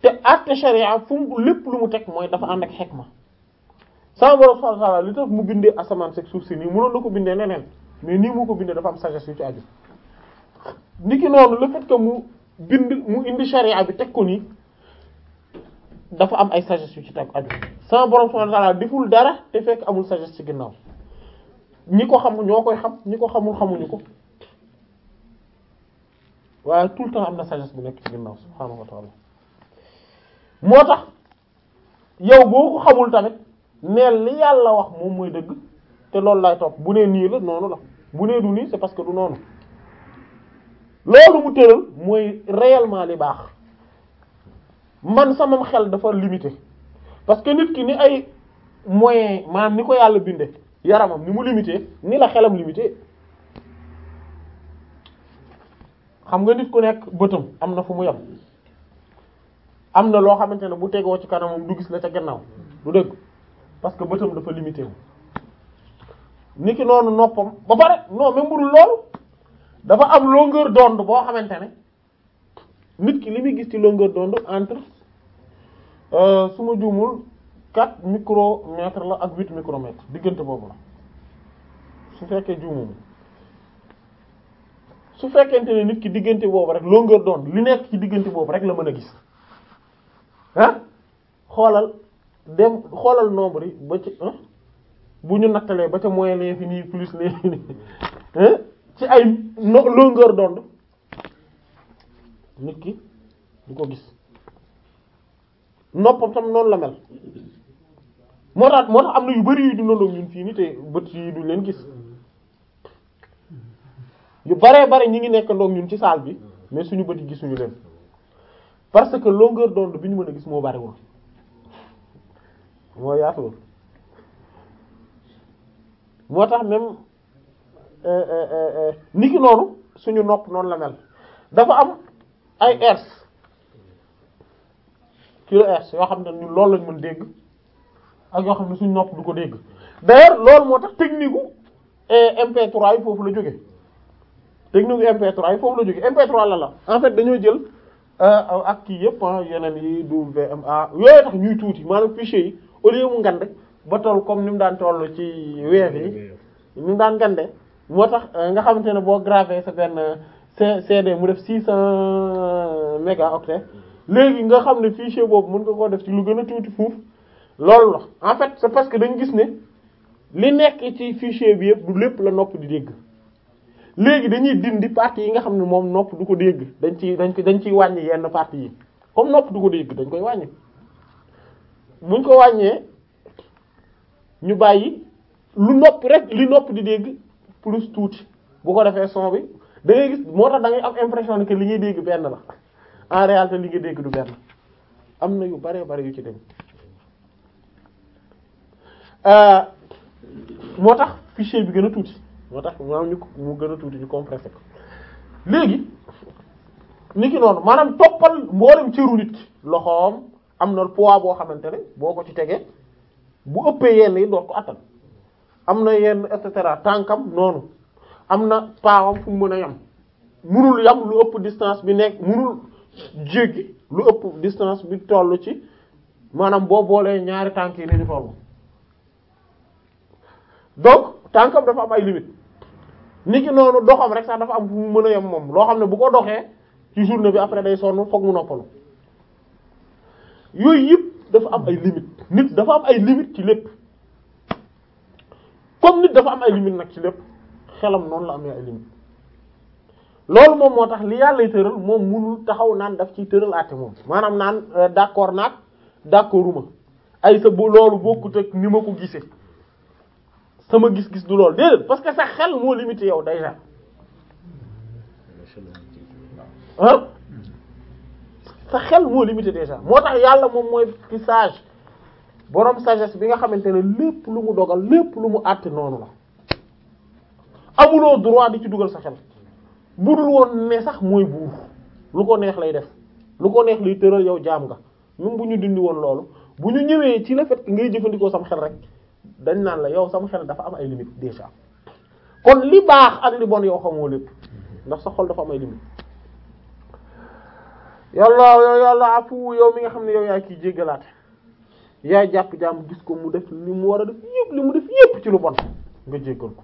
[SPEAKER 1] te atte charia fu mu lépp lu mu teg mooy dafa ànd ak ma sama borom subhanahu wa ta'ala li mu bindee asamaan seg suuf si nii mënoon na ko bindee neneen mais nii mu ko bindee dafa am sagesse yu ci aju niki noonu le fait mu bind mu indi charia bi teg ko dafa am ay sagesse yu ci teg aju sama borom subhanahu wa ta'ala deful dara te fekk amul sagesse ci ginnaaw ñi ko xam ñoo koy xam ñi ko xamul xamuñu ko waaye tout le temps am na sagesse bu nekk ci ginnaaw subhanahu wa ta'ala moo tax yow boo ko xamul tamit neel li yàlla wax moom mooy dëgg te loolu lay topp bu nee nii la noonu la bu nee du nii c'est parce que du noonu loolu mu tëral mooy réellement li baax man sama xel dafa limité parce que nit ki ni ay moyen maanaam ni ko yàlla binde yaramam ni mu limité ni la xelam limité xam nga nit ku nekk bëtam am na fu mu yem am na loo xamante ne bu tegoo ci kanamam du gis la ca gannaaw du dëgg parce que bëtam dafa limité wu ni ki noonu noppam ba pare non même loolu dafa am longueur d'onde boo xamante ne nit ki li muy gis ci longueur d'onde entre Euh, su ma juumul quatre micromètres la ak huit micromètres diggante boobu la su fekkee juumul su fekkente ne nit ki diggante boobu rek longueur d'onde li nekk ci diggante boobu rek la mën a gis ah xoolal dem xoolal nombre ba ci bu ñu nattalee ba ca moyen l'infini plus l'infini [LAUGHS] ci ay longueur d'onde nit ki du ko gis noppam tam noonu la mel moo tax moo tax am na yu bari yu dundoon ñun fii nii te bët yi duñ leen gis yu baree bare ñi ngi nekk ndoom ñun ci saal bi mais suñu bët yi gisuñu leen parce que longueur d'onde bi ñu mën a gis moo bariwul moo yaatuwul moo tax même euh, euh, euh, niki noonu suñu nopp noonu la mel dafa am ay hertz QRS yoo xam ne ñun loolu lañ mën dégg ak yoo xam ne suñ nopp du ko dégg d'ailleurs loolu moo tax technique gu eh, MP3 yi foofu la jóge technique gu MP3 yi foofu la jóge MP3 la la en fait dañoo jël euh, ak kii yëpp ah, yeneen yi WMA yooyu tax ñuy tuuti maanaam fichier yi au lieu mu ngande ba toll comme ni mu daan toll ci weef yi ni mu daan ngande moo tax euh, nga xamante ne boo gravé sa benn euh, CD mu def 600 mégaoctets léegi nga xam ne fichier boobu mën nga koo def si lu gën a tuuti fuuf loolu la en fait c'est parce que dañ gis ne li nekk ci fichier bi yëpp du lépp la nopp di dégg léegi dañuy dindi parties yi nga xam ne moom nopp du ko dégg dañ ci dañ ko dañ ciy wàññi yenn parties yi comme nopp du ko dégg dañ koy wàññi muñ ko wàññee ñu bàyyi lu nopp rek li nopp di dégg plus tuuti bu ko defee son bi da ngay gis moo tax da ngay am impression que li ñuy dégg benn la en réalité li nga dégg du benn am na yu bare bare yu ci dem euh, moo tax fichier bi gën a tuuti moo tax maanaam mu gën a tuuti ñu compressé ko léegi ni ki noonu maanaam toppal mboolem cëru nit loxoom am na poids boo xamante ne boo ko ci tegee bu ëppee yenn yi doot ko attan am na yenn et cetera tànkam noonu am na paawam fu mu mën a yam munul yam lu ëpp distance bi nekk munul jéggi lu ëpp distance bi toll ci maanaam boo boolee ñaari tànk yi ni ñu toll donc tànkam dafa am ay limite nit ki noonu doxam rek sax dafa am mu mën a yem moom loo xam ne bu ko doxee ci journée bi après day sonn foog mu noppalu yooyu yëpp dafa am ay limite nit dafa am ay limite ci lépp comme nit dafa am ay limite nag ci lépp xelam noonu la amee ay limite loolu moom moo tax li yàllay tëral moom munul taxaw naan daf ci tëral àtte moom maanaam naan euh, d'accord naag d'accorduma ay sa bu loolu bokkut ak ni ma ko gisee sama gis-gis du loolu déedéet parce que sa xel moo limité yow déjà ah sa xel moo limité déjà moo tax yàlla moom mooy ki sage borom sagesse bi nga xamante ne lépp lu mu dogal lépp lu mu àtte noonu la amuloo droit di ci dugal sa xel budul woon ne sax mooy buur lu ko neex lay def lu ko neex lay tëral yow jaam nga même bu ñu dindi woon loolu bu ñu ñëwee ci le fait que ngay jëfandikoo sama xel rek dañ naan la yow sama xel dafa am ay limites déjà kon li baax ak li bon yow xamoo lépp ndax sa xol dafa am ay limites yàlla yow yàlla afu yow mi nga xam ne yow yaa kiy jéggalaate yaay jàpp jaam gis ko mu def li mu war a def yépp li mu def yépp ci lu bon nga jéggal ko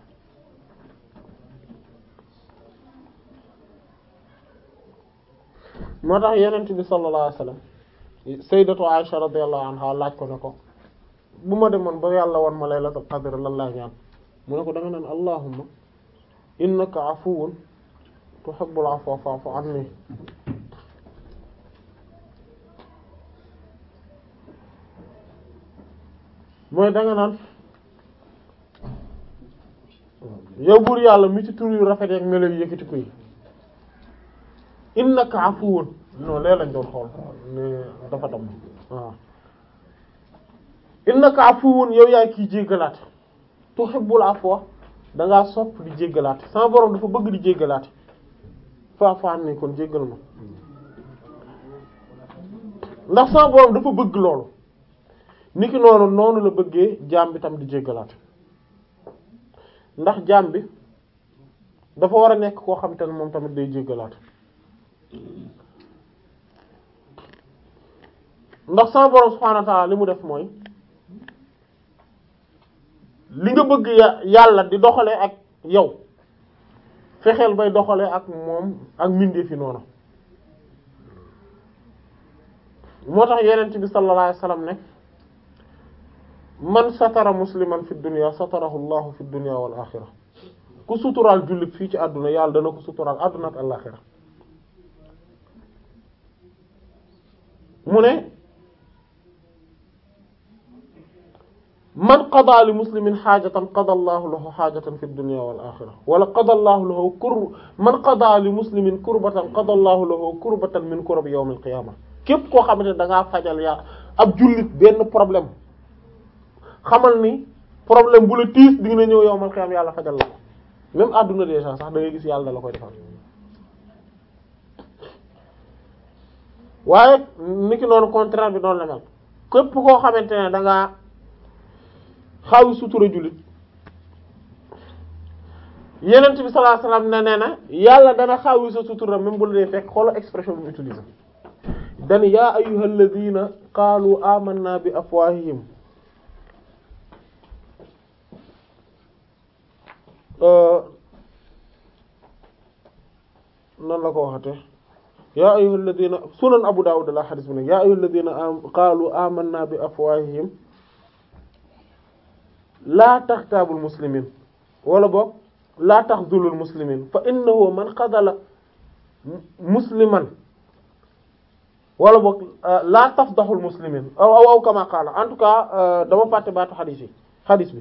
[SPEAKER 1] moo tax yenent bi sallallahu alayhi wasallam sayyidatu Aisha radiyallahu anha laaj ko ne ko bu ma demoon ba yàlla woon ma laylatul qadr lan laa ñaan mu ne ko da nga naan allahumma innaka afuwun mooy da naan yow buur yàlla mi ci tur yu rafet ak melo yu yëkkati ko innaka afuwwun non lee lañ dafa dam waaw innaka afuwwun yow yaay kii jéggalaat sopp di jéggalaat sama dafa bëgg di jéggalaat faafaan ni kon jéggal ma ndax sama bëgg loolu niki noonu noonu la bëggee jaam bi tam di jéggalaat ndax jaam bi dafa war a nekk koo xam te ne moom tamit day jéggalaat ndax sama borom subhaanahu li mu def mooy li nga bëgg yàlla di doxale ak yow fexeel bay doxale ak moom ak mbindeef fi noonu moo tax yeneen yenent bi sallallahu alayhi wasallam ne man satara musliman fi dunya satarahu llahu fi dunya wal axira ku suturaal jullit fii ci àdduna yàlla dana ko suturaal àdduna ak àllaxira mu ne man qada li muslimin xaajatan qada allahu lahu xaajatan fi dunya wal axira wala qada allahu lahu kur man qada li muslimin kurbatan qada allahu lahu kurbatan min kurab yawm al qiyama képp koo xamante ne da ngaa fajal yaa ab jullit benn problème xamal ni problème bu la tiis di nga ñëw yawm al qiyama yàlla fajal la ko même àdduna déjà sax da ngay gis yàlla da la koy defal waaye niki noonu contraire bi noonu la mel këpp koo xamante ne da ngaa xaw sutura jullit yenent bi sallallahu alayhi wasallam ne na yàlla dana xaawi sa sutura même bu la dee fekk xolo expression bi mu utilisé dan yaa ayyuhal ladina qaalu amanna bi afwahihim euh, nan la ko waxate yaa ayyuhal ladina sunan Abu Dawud la xadis bi ne yaa ayyuhal ladina qaalu amanna bi afwaahihim laa taxtaabul muslimin wala boog laa taxzulul muslimin fa innahu man qadala musliman wala boog euh, laa tafdaxul muslimin aw aw aw kama qaala en tout cas euh, dama fàtte baatu xadis yi xadis bi.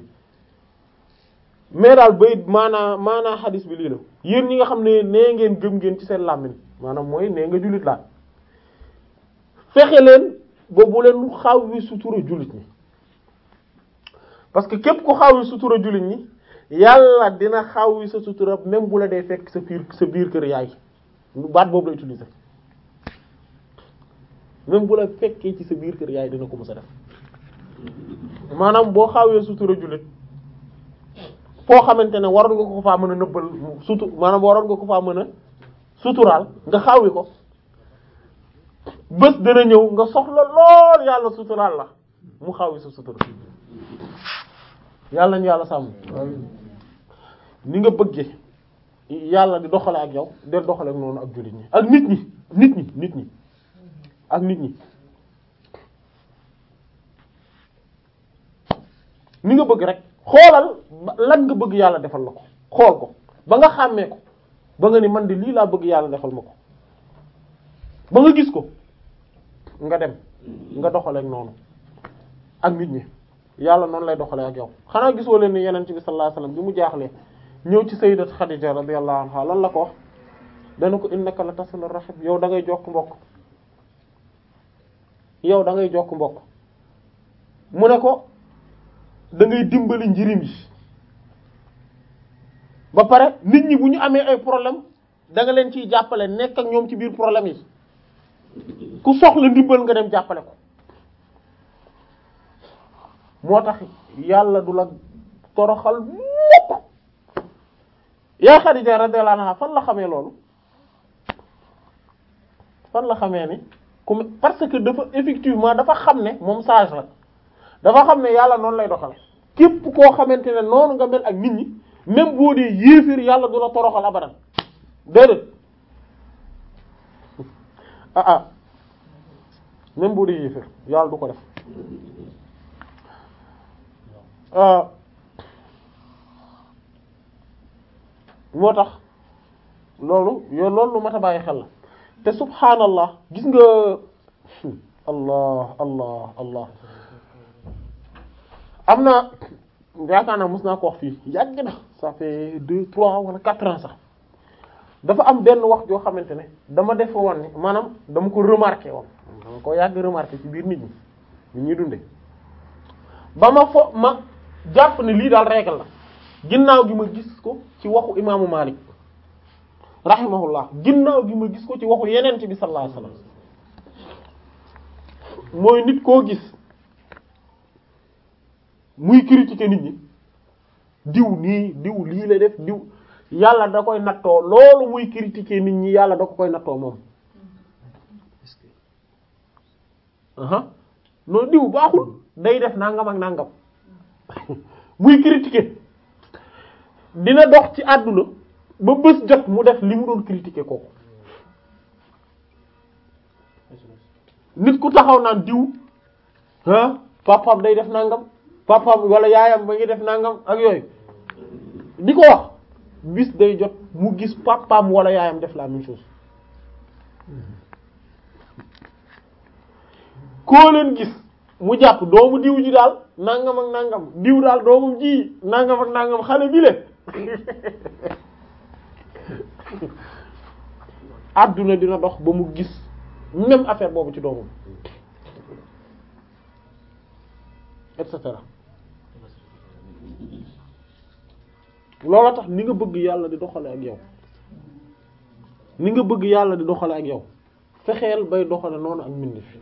[SPEAKER 1] mais daal ba bay maanaa maanaa xadis bi lii la yéen ñi nga xam ne nee ngeen gëm ngeen ci seen làmmiñ maanaam mooy nee nga julit laa fexe leen ba leen xaw wi sutura julit ñi parce que képp ku xaw wi sutura jullit ñi yàlla dina xaw wi sa sutura même bu la dee fekk sa biir sa biir kër yaay baat boobu la utiliser même bu la fekkee ci sa biir kër yaay dina ko mës a def maanaam boo xawee sutura jullit foo xamante ne waroon nga ko faa mën a nëbbal sutu maanaam waroon nga ko faa mën a suturaal nga xaawi ko bés dana ñëw nga soxla lool yàlla suturaal la mu xaawi sa sutura yàlla ñu yàlla sàmm ni nga bëggee yàlla di doxale ak yow del doxale ak noonu ak jullit ñi ak nit ñi nit ñi nit ñi ak nit ñi ni nga bëgg rek xoolal lan nga bëgg yàlla defal la ko xool ko ba nga xàmmee ko ba nga ni man di lii laa bëgg yàlla defal ma ko ba nga gis ko nga dem nga doxaleek noonu ak nit ñi yàlla noonu lay doxalee ak yow xanaa gisoo leen ni yeneen bi sallallahu alayhi wasallam bi mu jaaxlee ñëw ci sayyidat Khadija radiyallahu anha lan la ko wax dana ko innaka la tasilu rahim yow da ngay jokk mbokk yow dangay ngay jokk mbokk mu ne ko da ngay dimbali njirim yi ba pare nit ñi bu ñu amee ay problème danga leen ciy jàppale nekk ak ñoom ci biir problème yi ku soxla ndimbal nga dem jàppale ko moo tax yàlla du la toroxal lépp yaa Xadija radiyallahu anha fan la xamee loolu fan la xamee ni comme parce que dafa effectivement dafa xam ne moom sage la dafa xam ne yàlla noonu lay doxal képp koo xamante ne noonu nga mel ak nit ñi même boo dee yéefir yàlla du la toroxal abadan déedéet [LAUGHS] ah ah même boo dee yéefir yàlla du ko def ah. moo tax loolu yow loolu lu mat a bàyyi xel la te subhaanallah gis nga hmm, allah allah allah am na yaakaar naa mos naa ko wax fii yàgg na ça fait deux trois wala quatre ans sax dafa am benn wax joo xamante ne dama def woon ni maanaam dama ko remarqué woon dama ko yàgg remarqué ci biir nit ñi nit ñuy dunde ba ma fo ma jàpp ne lii daal règle la ginnaaw gi ma gis ko ci waxu imaamu Malik rahimahullah ginnaaw gi ma gis ko ci waxu yeneen bi sallallahu alayhi mooy nit koo gis muy critiquer nit ñi diw nii diw lii la def diw yàlla da koy nattoo loolu muy critiquer nit ñi yàlla da ko koy nattoo moom aha non diw baaxul day def nangam ak nangam [LAUGHS] muy critiquer dina dox ci àdduna ba bés jot mu def li mu doon critiquer kooku nit ku taxaw naan diw ah day def nangam papaam walla yaayam ba ngi def nangam ak yooyu di ko wax bis day jot mu gis papaam wala yaayam def laa même chose koo leen gis mu jàpp doomu diw ji daal nangam ak nangam diw daal doomum ji nangam ak nangam xale bi le àdduna [LAUGHS] dina dox ba mu gis même affaire boobu ci doomam et cetera loola tax ni nga bëgg yàlla di doxale ak yow ni nga bëgg yàlla di doxale ak yow fexeel bay doxale noonu ak mbind fi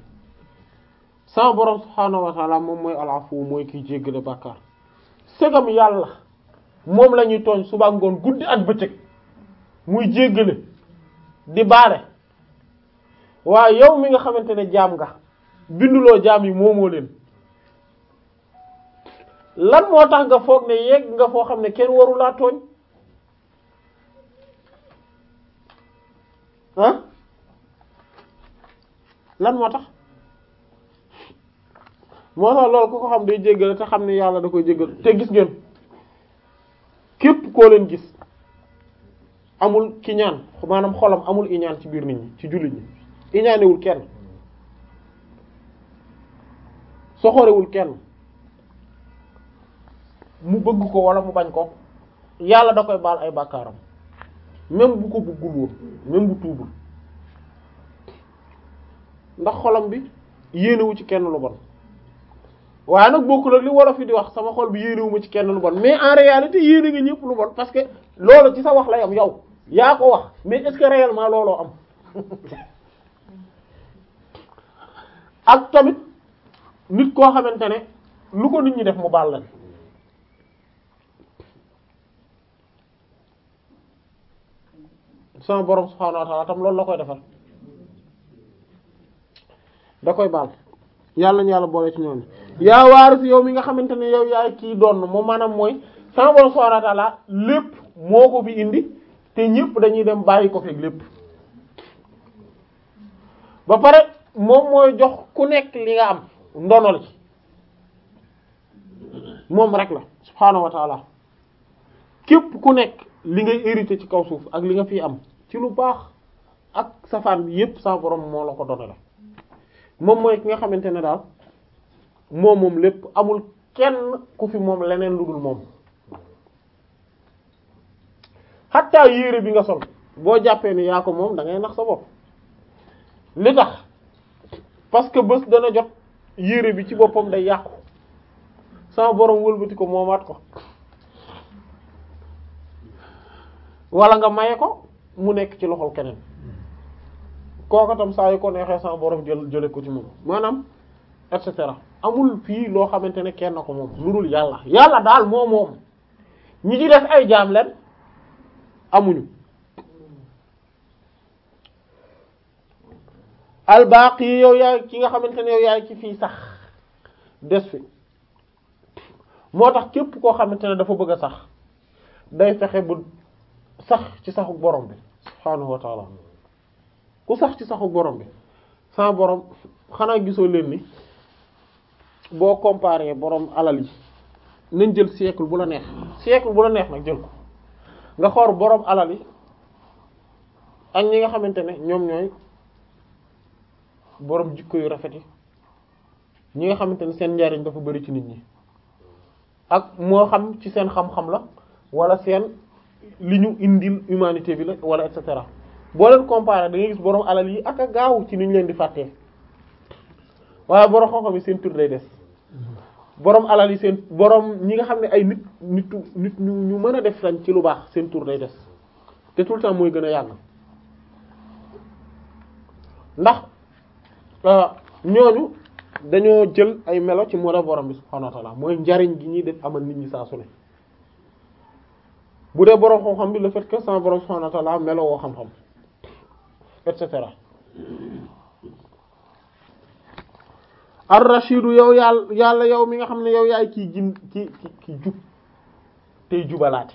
[SPEAKER 1] sama borom subhaanahu moom mooy alafu mooy kiy jéggale bàkkaar segam yàlla moom la ñuy tooñ ngoon guddi ak bëccëg muy jéggale di baale waaye yow mi nga xamante ne jaam nga binduloo jaam yi moomoo leen lan moo tax nga foog ne yegg nga foo xam ne kenn waru laa tooñ ah lan moo tax moo tax loolu ku ko xam day jéggal te xam ne yàlla da koy jéggal te gis ngeen képp koo leen gis amul ki ñaan maanaam xolam amul iñaan ci biir nit ñi ci jullit ñi iñaanewul kenn soxorewul kenn mu bëgg ko wala mu bañ ko yàlla da koy baal ay bàkkaaram même bu ko bëggul woon même bu tuubul ndax xolam bi yéenewu ci kenn lu bon waaye nag bokk ak li wolof yi di wax sama xol bi yéenewuma ci kenn lu bon mais en réalité yéene nga ñëpp lu bon parce que loolu ci sa wax lay am yow yaa ko wax mais est-ce que réellement looloo am [LAUGHS] ak tamit nit koo xamante ne lu ko nit ñi def mu baal la sama borom subhaanahu wa tam loolu la koy defal da koy baal yàlla ñu yàlla boole ci ñooñu yaa waaris yow mi nga xamante ne yow yaay kii doon moom maanaam mooy sa borom subhaanahu wa ta'ala lépp indi te ñëpp dañuy dem bàyyi ko lépp ba pare moom mooy jox ku nekk li nga am ndonol moom rek la subhaanahu wa képp ku nekk li ngay hérité ci kaw suuf ak li nga fi am ci lu baax ak safaan bi yépp sa borom moo la ko dotale moom mooy ki nga xamante ne daal moom moom lépp amul kenn ku fi moom leneen lu dul moom xattaa yére bi nga sol boo jàppee ni yaa moom da ngay nax sa bopp li tax parce que bés dana jot yére bi ci boppam day yàqu sama boroom wëlbati ko moomaat ko wala nga maye ko mu nekk ci loxol keneen kooka tam saa yu ko neexee sama borom jël jële ko ci moom maanaam et amul fii loo xamante ne kenn ko moom lu dul yàlla yàlla daal moo moom ñi ci def ay jaam leen amuñu albaqi yi yow yaay ki nga xamante ne yow yaay ci fii sax des fi moo tax képp koo xamante ne dafa bëgg a sax day fexe bu sax ci saxu borom bi subhaanahu wa taala ku sax ci saxu borom bi sa borom xanaa gisoo leen ni boo comparé borom alal yi nañ jël siècle bu la neex siècle bu la neex nag jël ko nga xoor borom alal yi ak ñi nga xamante ne ñoom ñooy borom jikko yu rafet yi ñi nga xamante ne seen njariñ dafa bari ci nit ñi ak moo xam ci seen xam-xam la wala seen li ñu indil humanité bi la wala et boo leen comparé da ngay gis borom alal yi ak a gaaw ci ni ñu leen di fàttee waaye borom xam-xam yi seen tur lay des boroom alal yi seen boroom ñi nga xam ne ay nit nitu nit ñu ñu mën a def lañ ci lu baax seen tour lay des te tout le temps mooy gën a yàgg ndax euh, ñooñu dañoo jël ay melo ci moro borom bi subhanahu wa mooy njariñ gi ñuy def amal nit ñi saa ne bu dee borom xam-xam bi la fait que sans borom subhanahu wa ta'ala melo woo xam-xam et cetera ar yow yàlla yàlla yow mi nga xam ne yow yaay kiy jin ki ki jub tey jubalaate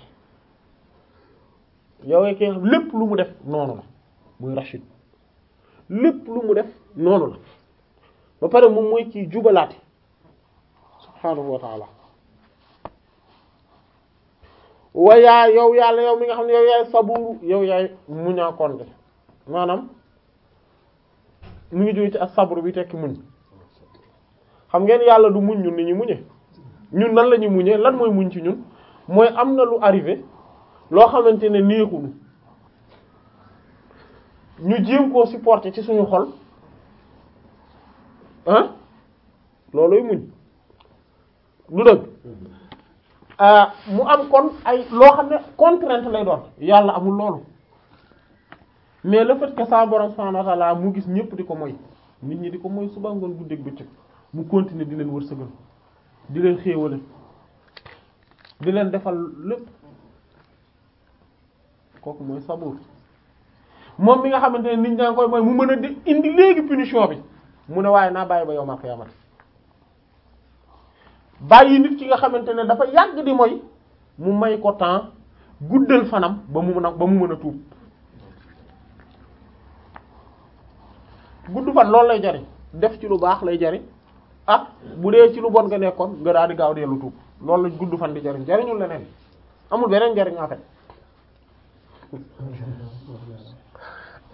[SPEAKER 1] yow ki xam lépp lu mu def noonu la muy rashid lépp lu mu def noonu la ba pare moom mooy kiy jubalaate subhanahu wa ta'ala wa yaa yow yàlla yow mi nga xam ne yow yaay saburu yow yaay muñaakonte maanaam mu ngi jóge ci ak sabru bi tekki muñ xam ngeen yàlla du muñ ñun ni ñu muñe ñun nan lañuy ñuy muñee lan mooy muñ ci ñun mooy am na lu arrivé loo xamante ne neexul ñu jéem koo supporter ci suñu xol ah loolooy muñ lu dëgg Euh, mu am kon ay loo xam ne contrainte lay doon yàlla amul loolu mais le fait que sa borom subhanahu wa mu gis ñëpp di ko moy nit ñi di ko moy suba ngoon guddeeg bëccëg mu continuer di leen wërsëgal di leen xéewale di leen defal lépp kooku mooy sabuur moom bi nga xamante ne nit ñaa ngi koy mooy mu mën a di indi léegi punition bi mu ne waaye naa bàyyi ba yow ma xiyaamat bàyyi nit ki nga xamante ne dafa yàgg di mooy mu may ko temps guddal fanam ba mu mën a ba mu mën a tuub gudd fan loolu lay jariñ def ci lu baax lay jariñ ah bu dee ci lu bon nga nekkoon nga daal di gaaw dellu tuub loolu la gudd fan di jariñ jariñul leneen amul beneen jariñ en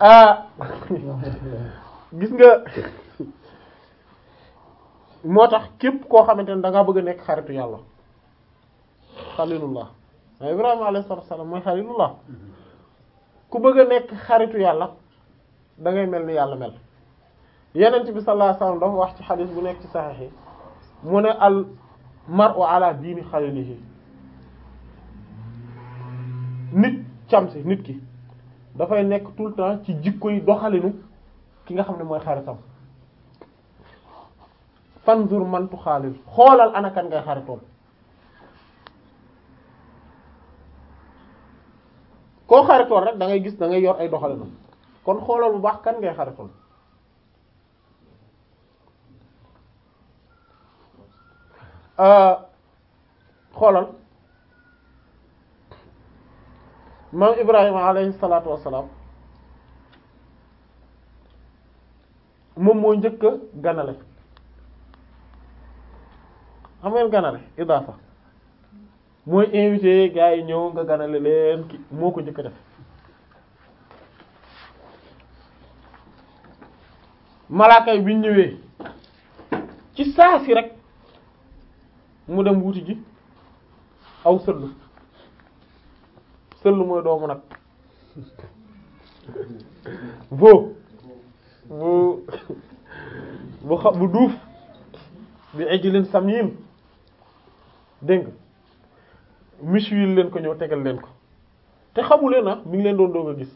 [SPEAKER 1] [LAUGHS] ah, gis nga moo tax képp koo xamante ne da bëgg a nekk xaritu yàlla xalilullah a ibrahima alayhi salaatu wassalaam mooy xalilullah ku bëgg a nekk xaritu yàlla da ngay mel ni yàlla mel yenent bi sallallahu alayhi wasallam dafa wax ci xadis bu nekk ci saxiix yi mu ne al mar'u ala diini xalilihi nit camsi nit ki dafay nekk tout le temps ci jikko yi doxalinu ki nga xam ne mooy xaritam fanzur mantu tuxaalil xoolal anakan ngay xaritoon koo xaritoon rek dangay gis dangay yor ay doxalinam kon xoolal bu baax kan ngay xaritoon euh, xoolal maam Ibrahima alayhi salaatu wassalaam moom moo njëkk a ganale xam ngeen ganale mooy invité gaa yi ñëw nga ganale leen ki moo ko njëkk def malaaka bi ñëwee ci saa si rek mu dem wuti ji aw sël sëll mooy doomu nag boo bu bu xa bu duuf bi ejlin samim dégg nga leen ko ñëw tegal leen ko te xamu leen ah mi ngi leen doon doog a gis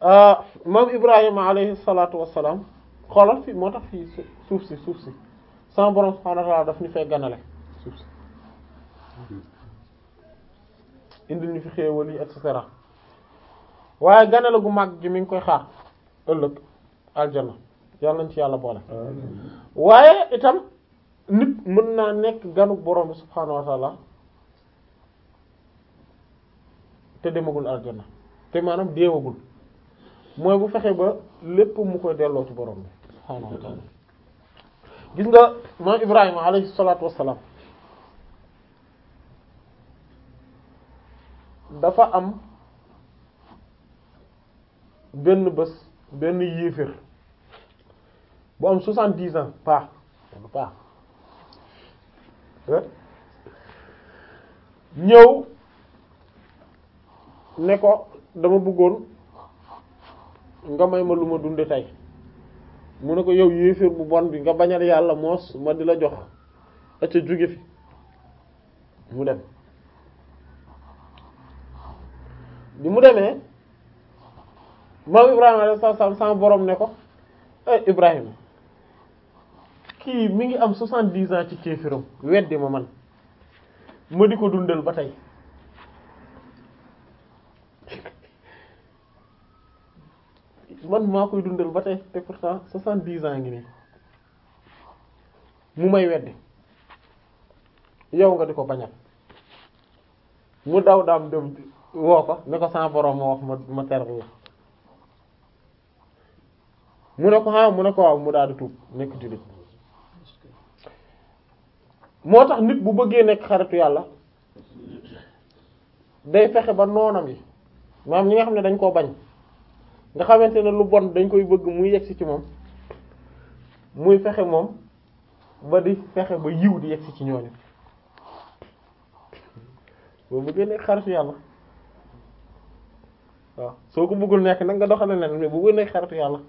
[SPEAKER 1] ah, moom Ibrahima alayhi salaatu salaam xoolal fi moo tax fii suuf si suuf si sama borom subhaanahu wa daf ñu fay ganale suuf si indi ñu fi xéewal yi et cetera waaye ganale gu mag gi mi ngi koy xaar ëllëg aljanna yàlla nañ ci yàlla boole waaye itam nit mën naa nekk ganu borom bi subhaanahu wa taala te demagul aljana te maanaam deewagul mooy bu fexe ba lépp mu koy delloo ci boroom bi subhaanahu wa taala gis nga moom Ibrahima alayhi salaatu wassalaam dafa am benn bés benn yéeféer bu am soixante-dix ans paax paax ñëw ne ko dama buggoon nga may ma lu ma dunde tey mu ne ko yow yéeféer bu bon bi nga bañal yàlla moos ma di la jox acca jóge fi mu dem bi mu demee maam Ibrahima alayhi salaam sama borom ne ko eh Ibrahima kii mi ngi am soixante-dix ans ci kéefiram weddi ma man ma di ko dundal ba tey man maa koy dundal ba tey te pourtant soixante-dix ans ngi nii mu may weddi yow nga di ko bañal mu daw daam dem woo ko ne ko sa borom ma wax ma ma teral mu ne ko ah mu ne ko waaw mu daal di tuub nekk jullit moo tax nit bu bëggee nekk xaritu yàlla day fexe ba noonam yi maanaam ñi nga xam ne dañ koo bañ nga xamante ne lu bon dañ koy bëgg muy yegsi ci moom muy fexe moom ba di fexe ba yiw di yegsi ci ñooñu boo bëggee nekk xaritu yàlla waaw soo ko bëggul nekk nag nga doxale leen mais bu bëggee nekk xaritu yàlla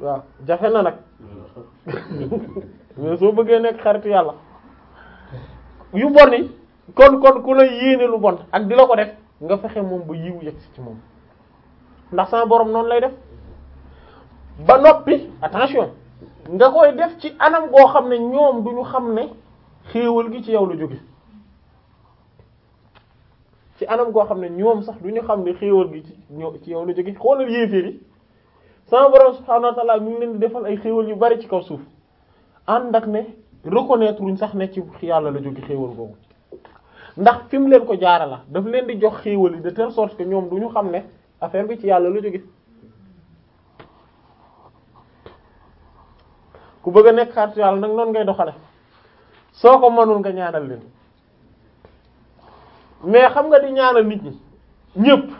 [SPEAKER 1] waaw jafe na nag [LAUGHS] mais soo bëggee nekk xaritu yàlla yu bon yi kon kon ku la yéene lu bon ak di la ko def nga fexe moom ba yiw yegg ci moom ndax sama boroom noonu lay def ba noppi attention nga koy def ci anam goo xam ne ñoom du ñu xam ne xéewal gi ci yow la jóge ci anam goo xam ne ñoom sax du ñu xam ne xéewal gi ci ñoo ci yow la jóge xoolal yéeféer yi sama borom subhaanahu wa ta'ala mi leen di defal ay xéewal yu bari ci kaw suuf ànd ak ne reconnaître wuñ sax ne ci yàlla la jóge xéewal boobu ndax fi leen ko jaara la daf leen di jox xéewal yi de telle sorte que ñoom du ñu xam ne affaire bi ci yàlla la jóge ku bëgg a nekk xaritu yàlla nag noonu ngay doxale soo ko mënul nga ñaanal leen mais xam nga di ñaanal nit ñi ñépp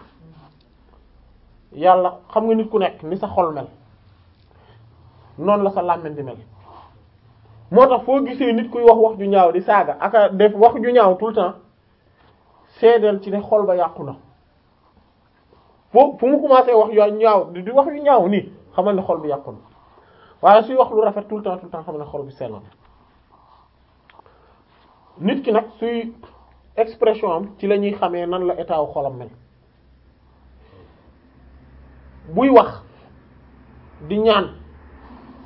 [SPEAKER 1] yàlla xam nga nit ku nekk ni sa xol mel noonu la sa làmmiñ di mel moo tax foo gisee nit kuy wax wax ju ñaaw di saaga aka def wax ju ñaaw tout le temps seedeel ci ne xol ba yàqu na foo fu mu commencé wax yu ñaaw di wax yu ñaaw nii xamal ne xol bu yàqu na waaye suy wax lu rafet tout le temps tout le temps xamal ne xol bi sell nit ki nag suy expression am ci la ñuy xamee nan la état wu xolam mel buy wax di ñaan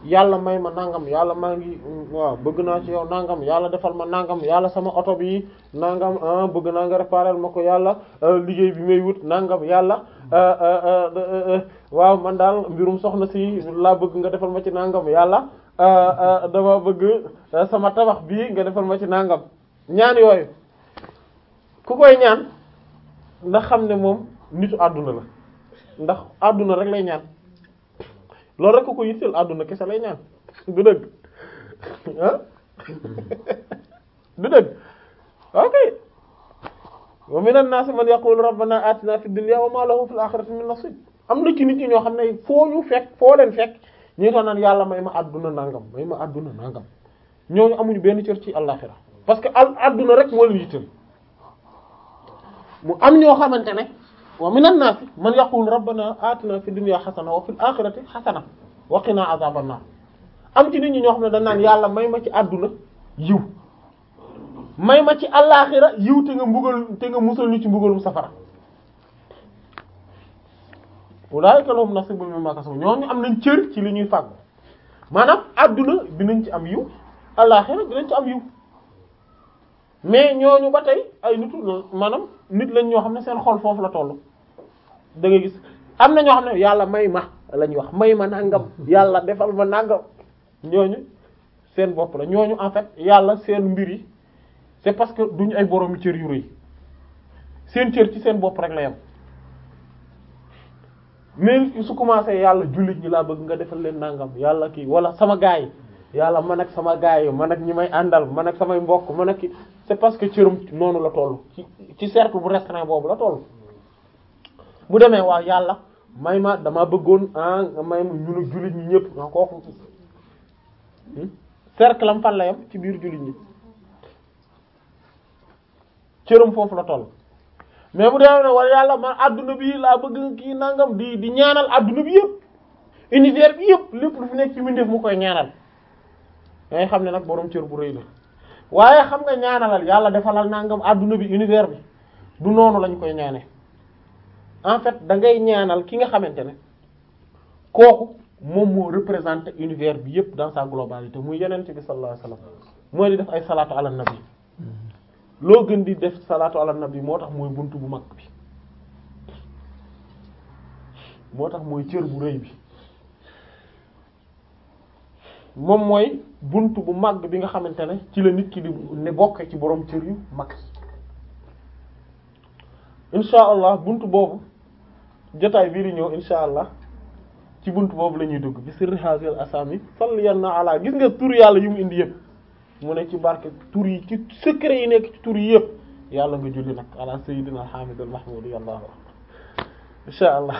[SPEAKER 1] yàlla may ma nangam yàlla maa ngi waaw bëgg naa ci yow nangam yàlla defal ma nangam yàlla sama oto bi nangam ah, bëgg naa nga réparer ma ko yàlla ah, liggéey bi may wut nangam yàlla ah, waaw man daal mbirum soxna si laa bëgg nga defal ma ci nangam yàlla dama bëgg sama tabax bi nga defal ma ci nàngam ñaan yooyu ku koy ñaan ndax xam ne moom nitu àdduna la ndax àdduna rek lay ñaan loolu rek ko yitteel àdduna kese lay ñaan du dëgg ah du dëgg ok wa minan nas man yaqulu rabbana atina fid dunya wa ma lahu fil akhirati min nasib am na ci nit ñi ñoo xam ne foo ñu fekk foo leen fekk ñu tax naan yàlla may ma àdduna nangam may ma àdduna nangam ñooñu amuñu benn cër ci àllaxira parce que àdduna rek moo leen mu am ñoo xamante ne wa minan naas man yaqulu rabbana atina fi dunya xasana wa fil axirati xasana wa qina azaban naar am ci nit ñi ñoo xam ne dañ naan yàlla may ma ci àdduna yiw may ma ci àllaaxira yiw te nga mbugal te nga musal ñu ci mbugalum safara ulaa'ika lahum nasiibun mimmaa ñoo ñooñu am nañ cër ci li ñuy fàggu maanaam àdduna nañ ci am yiw àllaaxira dinañ ci am yiw mais ñu ba tey ay nitu maanaam nit lañ ñoo xam ne seen xol foofu la tollu da nga gis am na ñoo xam ne yàlla may ma la ñuy wax may ma nangam yàlla defal ma nangam ñooñu seen bopp la ñooñu en fait yàlla seen mbir yi c'est parce que duñu ay boroomi cër yu rëy seen cër ci seen bopp rek la yam mais su commencé yàlla jullit ñi laa bëgg nga defal leen nangam yàlla kii wala sama gaay yi yàlla man ak sama gaay yi man ak ñi may àndal man ak samay mbokk man ak c'est parce que cërum noonu la toll ci ci cercle bu restreint boobu la toll bu demee waaw yàlla may ma dama bëggoon ah may ma ñu ne ñi ñëpp nga ah, kooku hmm? cercle am fan yam ci biir jullit ñi cëram foofu la toll mais bu demee wala yàlla man àdduna bi laa bëgg kii nangam di di ñaanal adduna bi yëpp univers bi yëpp lépp lu fi nekk ci mbindeef mu koy ñaanal ngay xam ne nag borom cër bu rëy la waaye xam nga ñaanalal yàlla defalal nàngam àdduna bi univers bi du noonu lañu koy ñaane en fait da ngay ñaanal ki nga xamante ne kooku moom moo représente univers bi yépp dans sa globalité muy yenente bi sallallahu alayhi wasallam mooy di def ay salaatu ala nabi loo gën di def salaatu ala nabi moo tax mooy bunt bu mag bi moo tax mooy cër bu rëy bi moom mooy bunt bu mag bi nga xamante ne ci la nit ki di ne bokk ci borom cër yu mag insha bunt boobu jotaay bii di ñëw insha ci bunt boobu la ñuy dugg bi sirri hasil asami salliyan na ala gis nga tur yàlla yu mu indi yëpp mu ne ci barke tur yi ci secret yi nekk ci tur yi yëpp yàlla nga julli nag ala sayyidina alhamidul mahmudi allah insha allah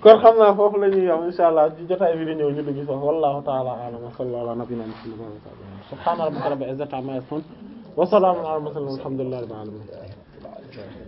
[SPEAKER 1] kon xam naa foofu la ñuy yam insha jotaay bi di ñëw ñu dugg foofu wallahu ta'ala a'lam wa sallallahu ala nabina muhammad wa sallam subhana rabbika rabbil izzati amma yasifun wa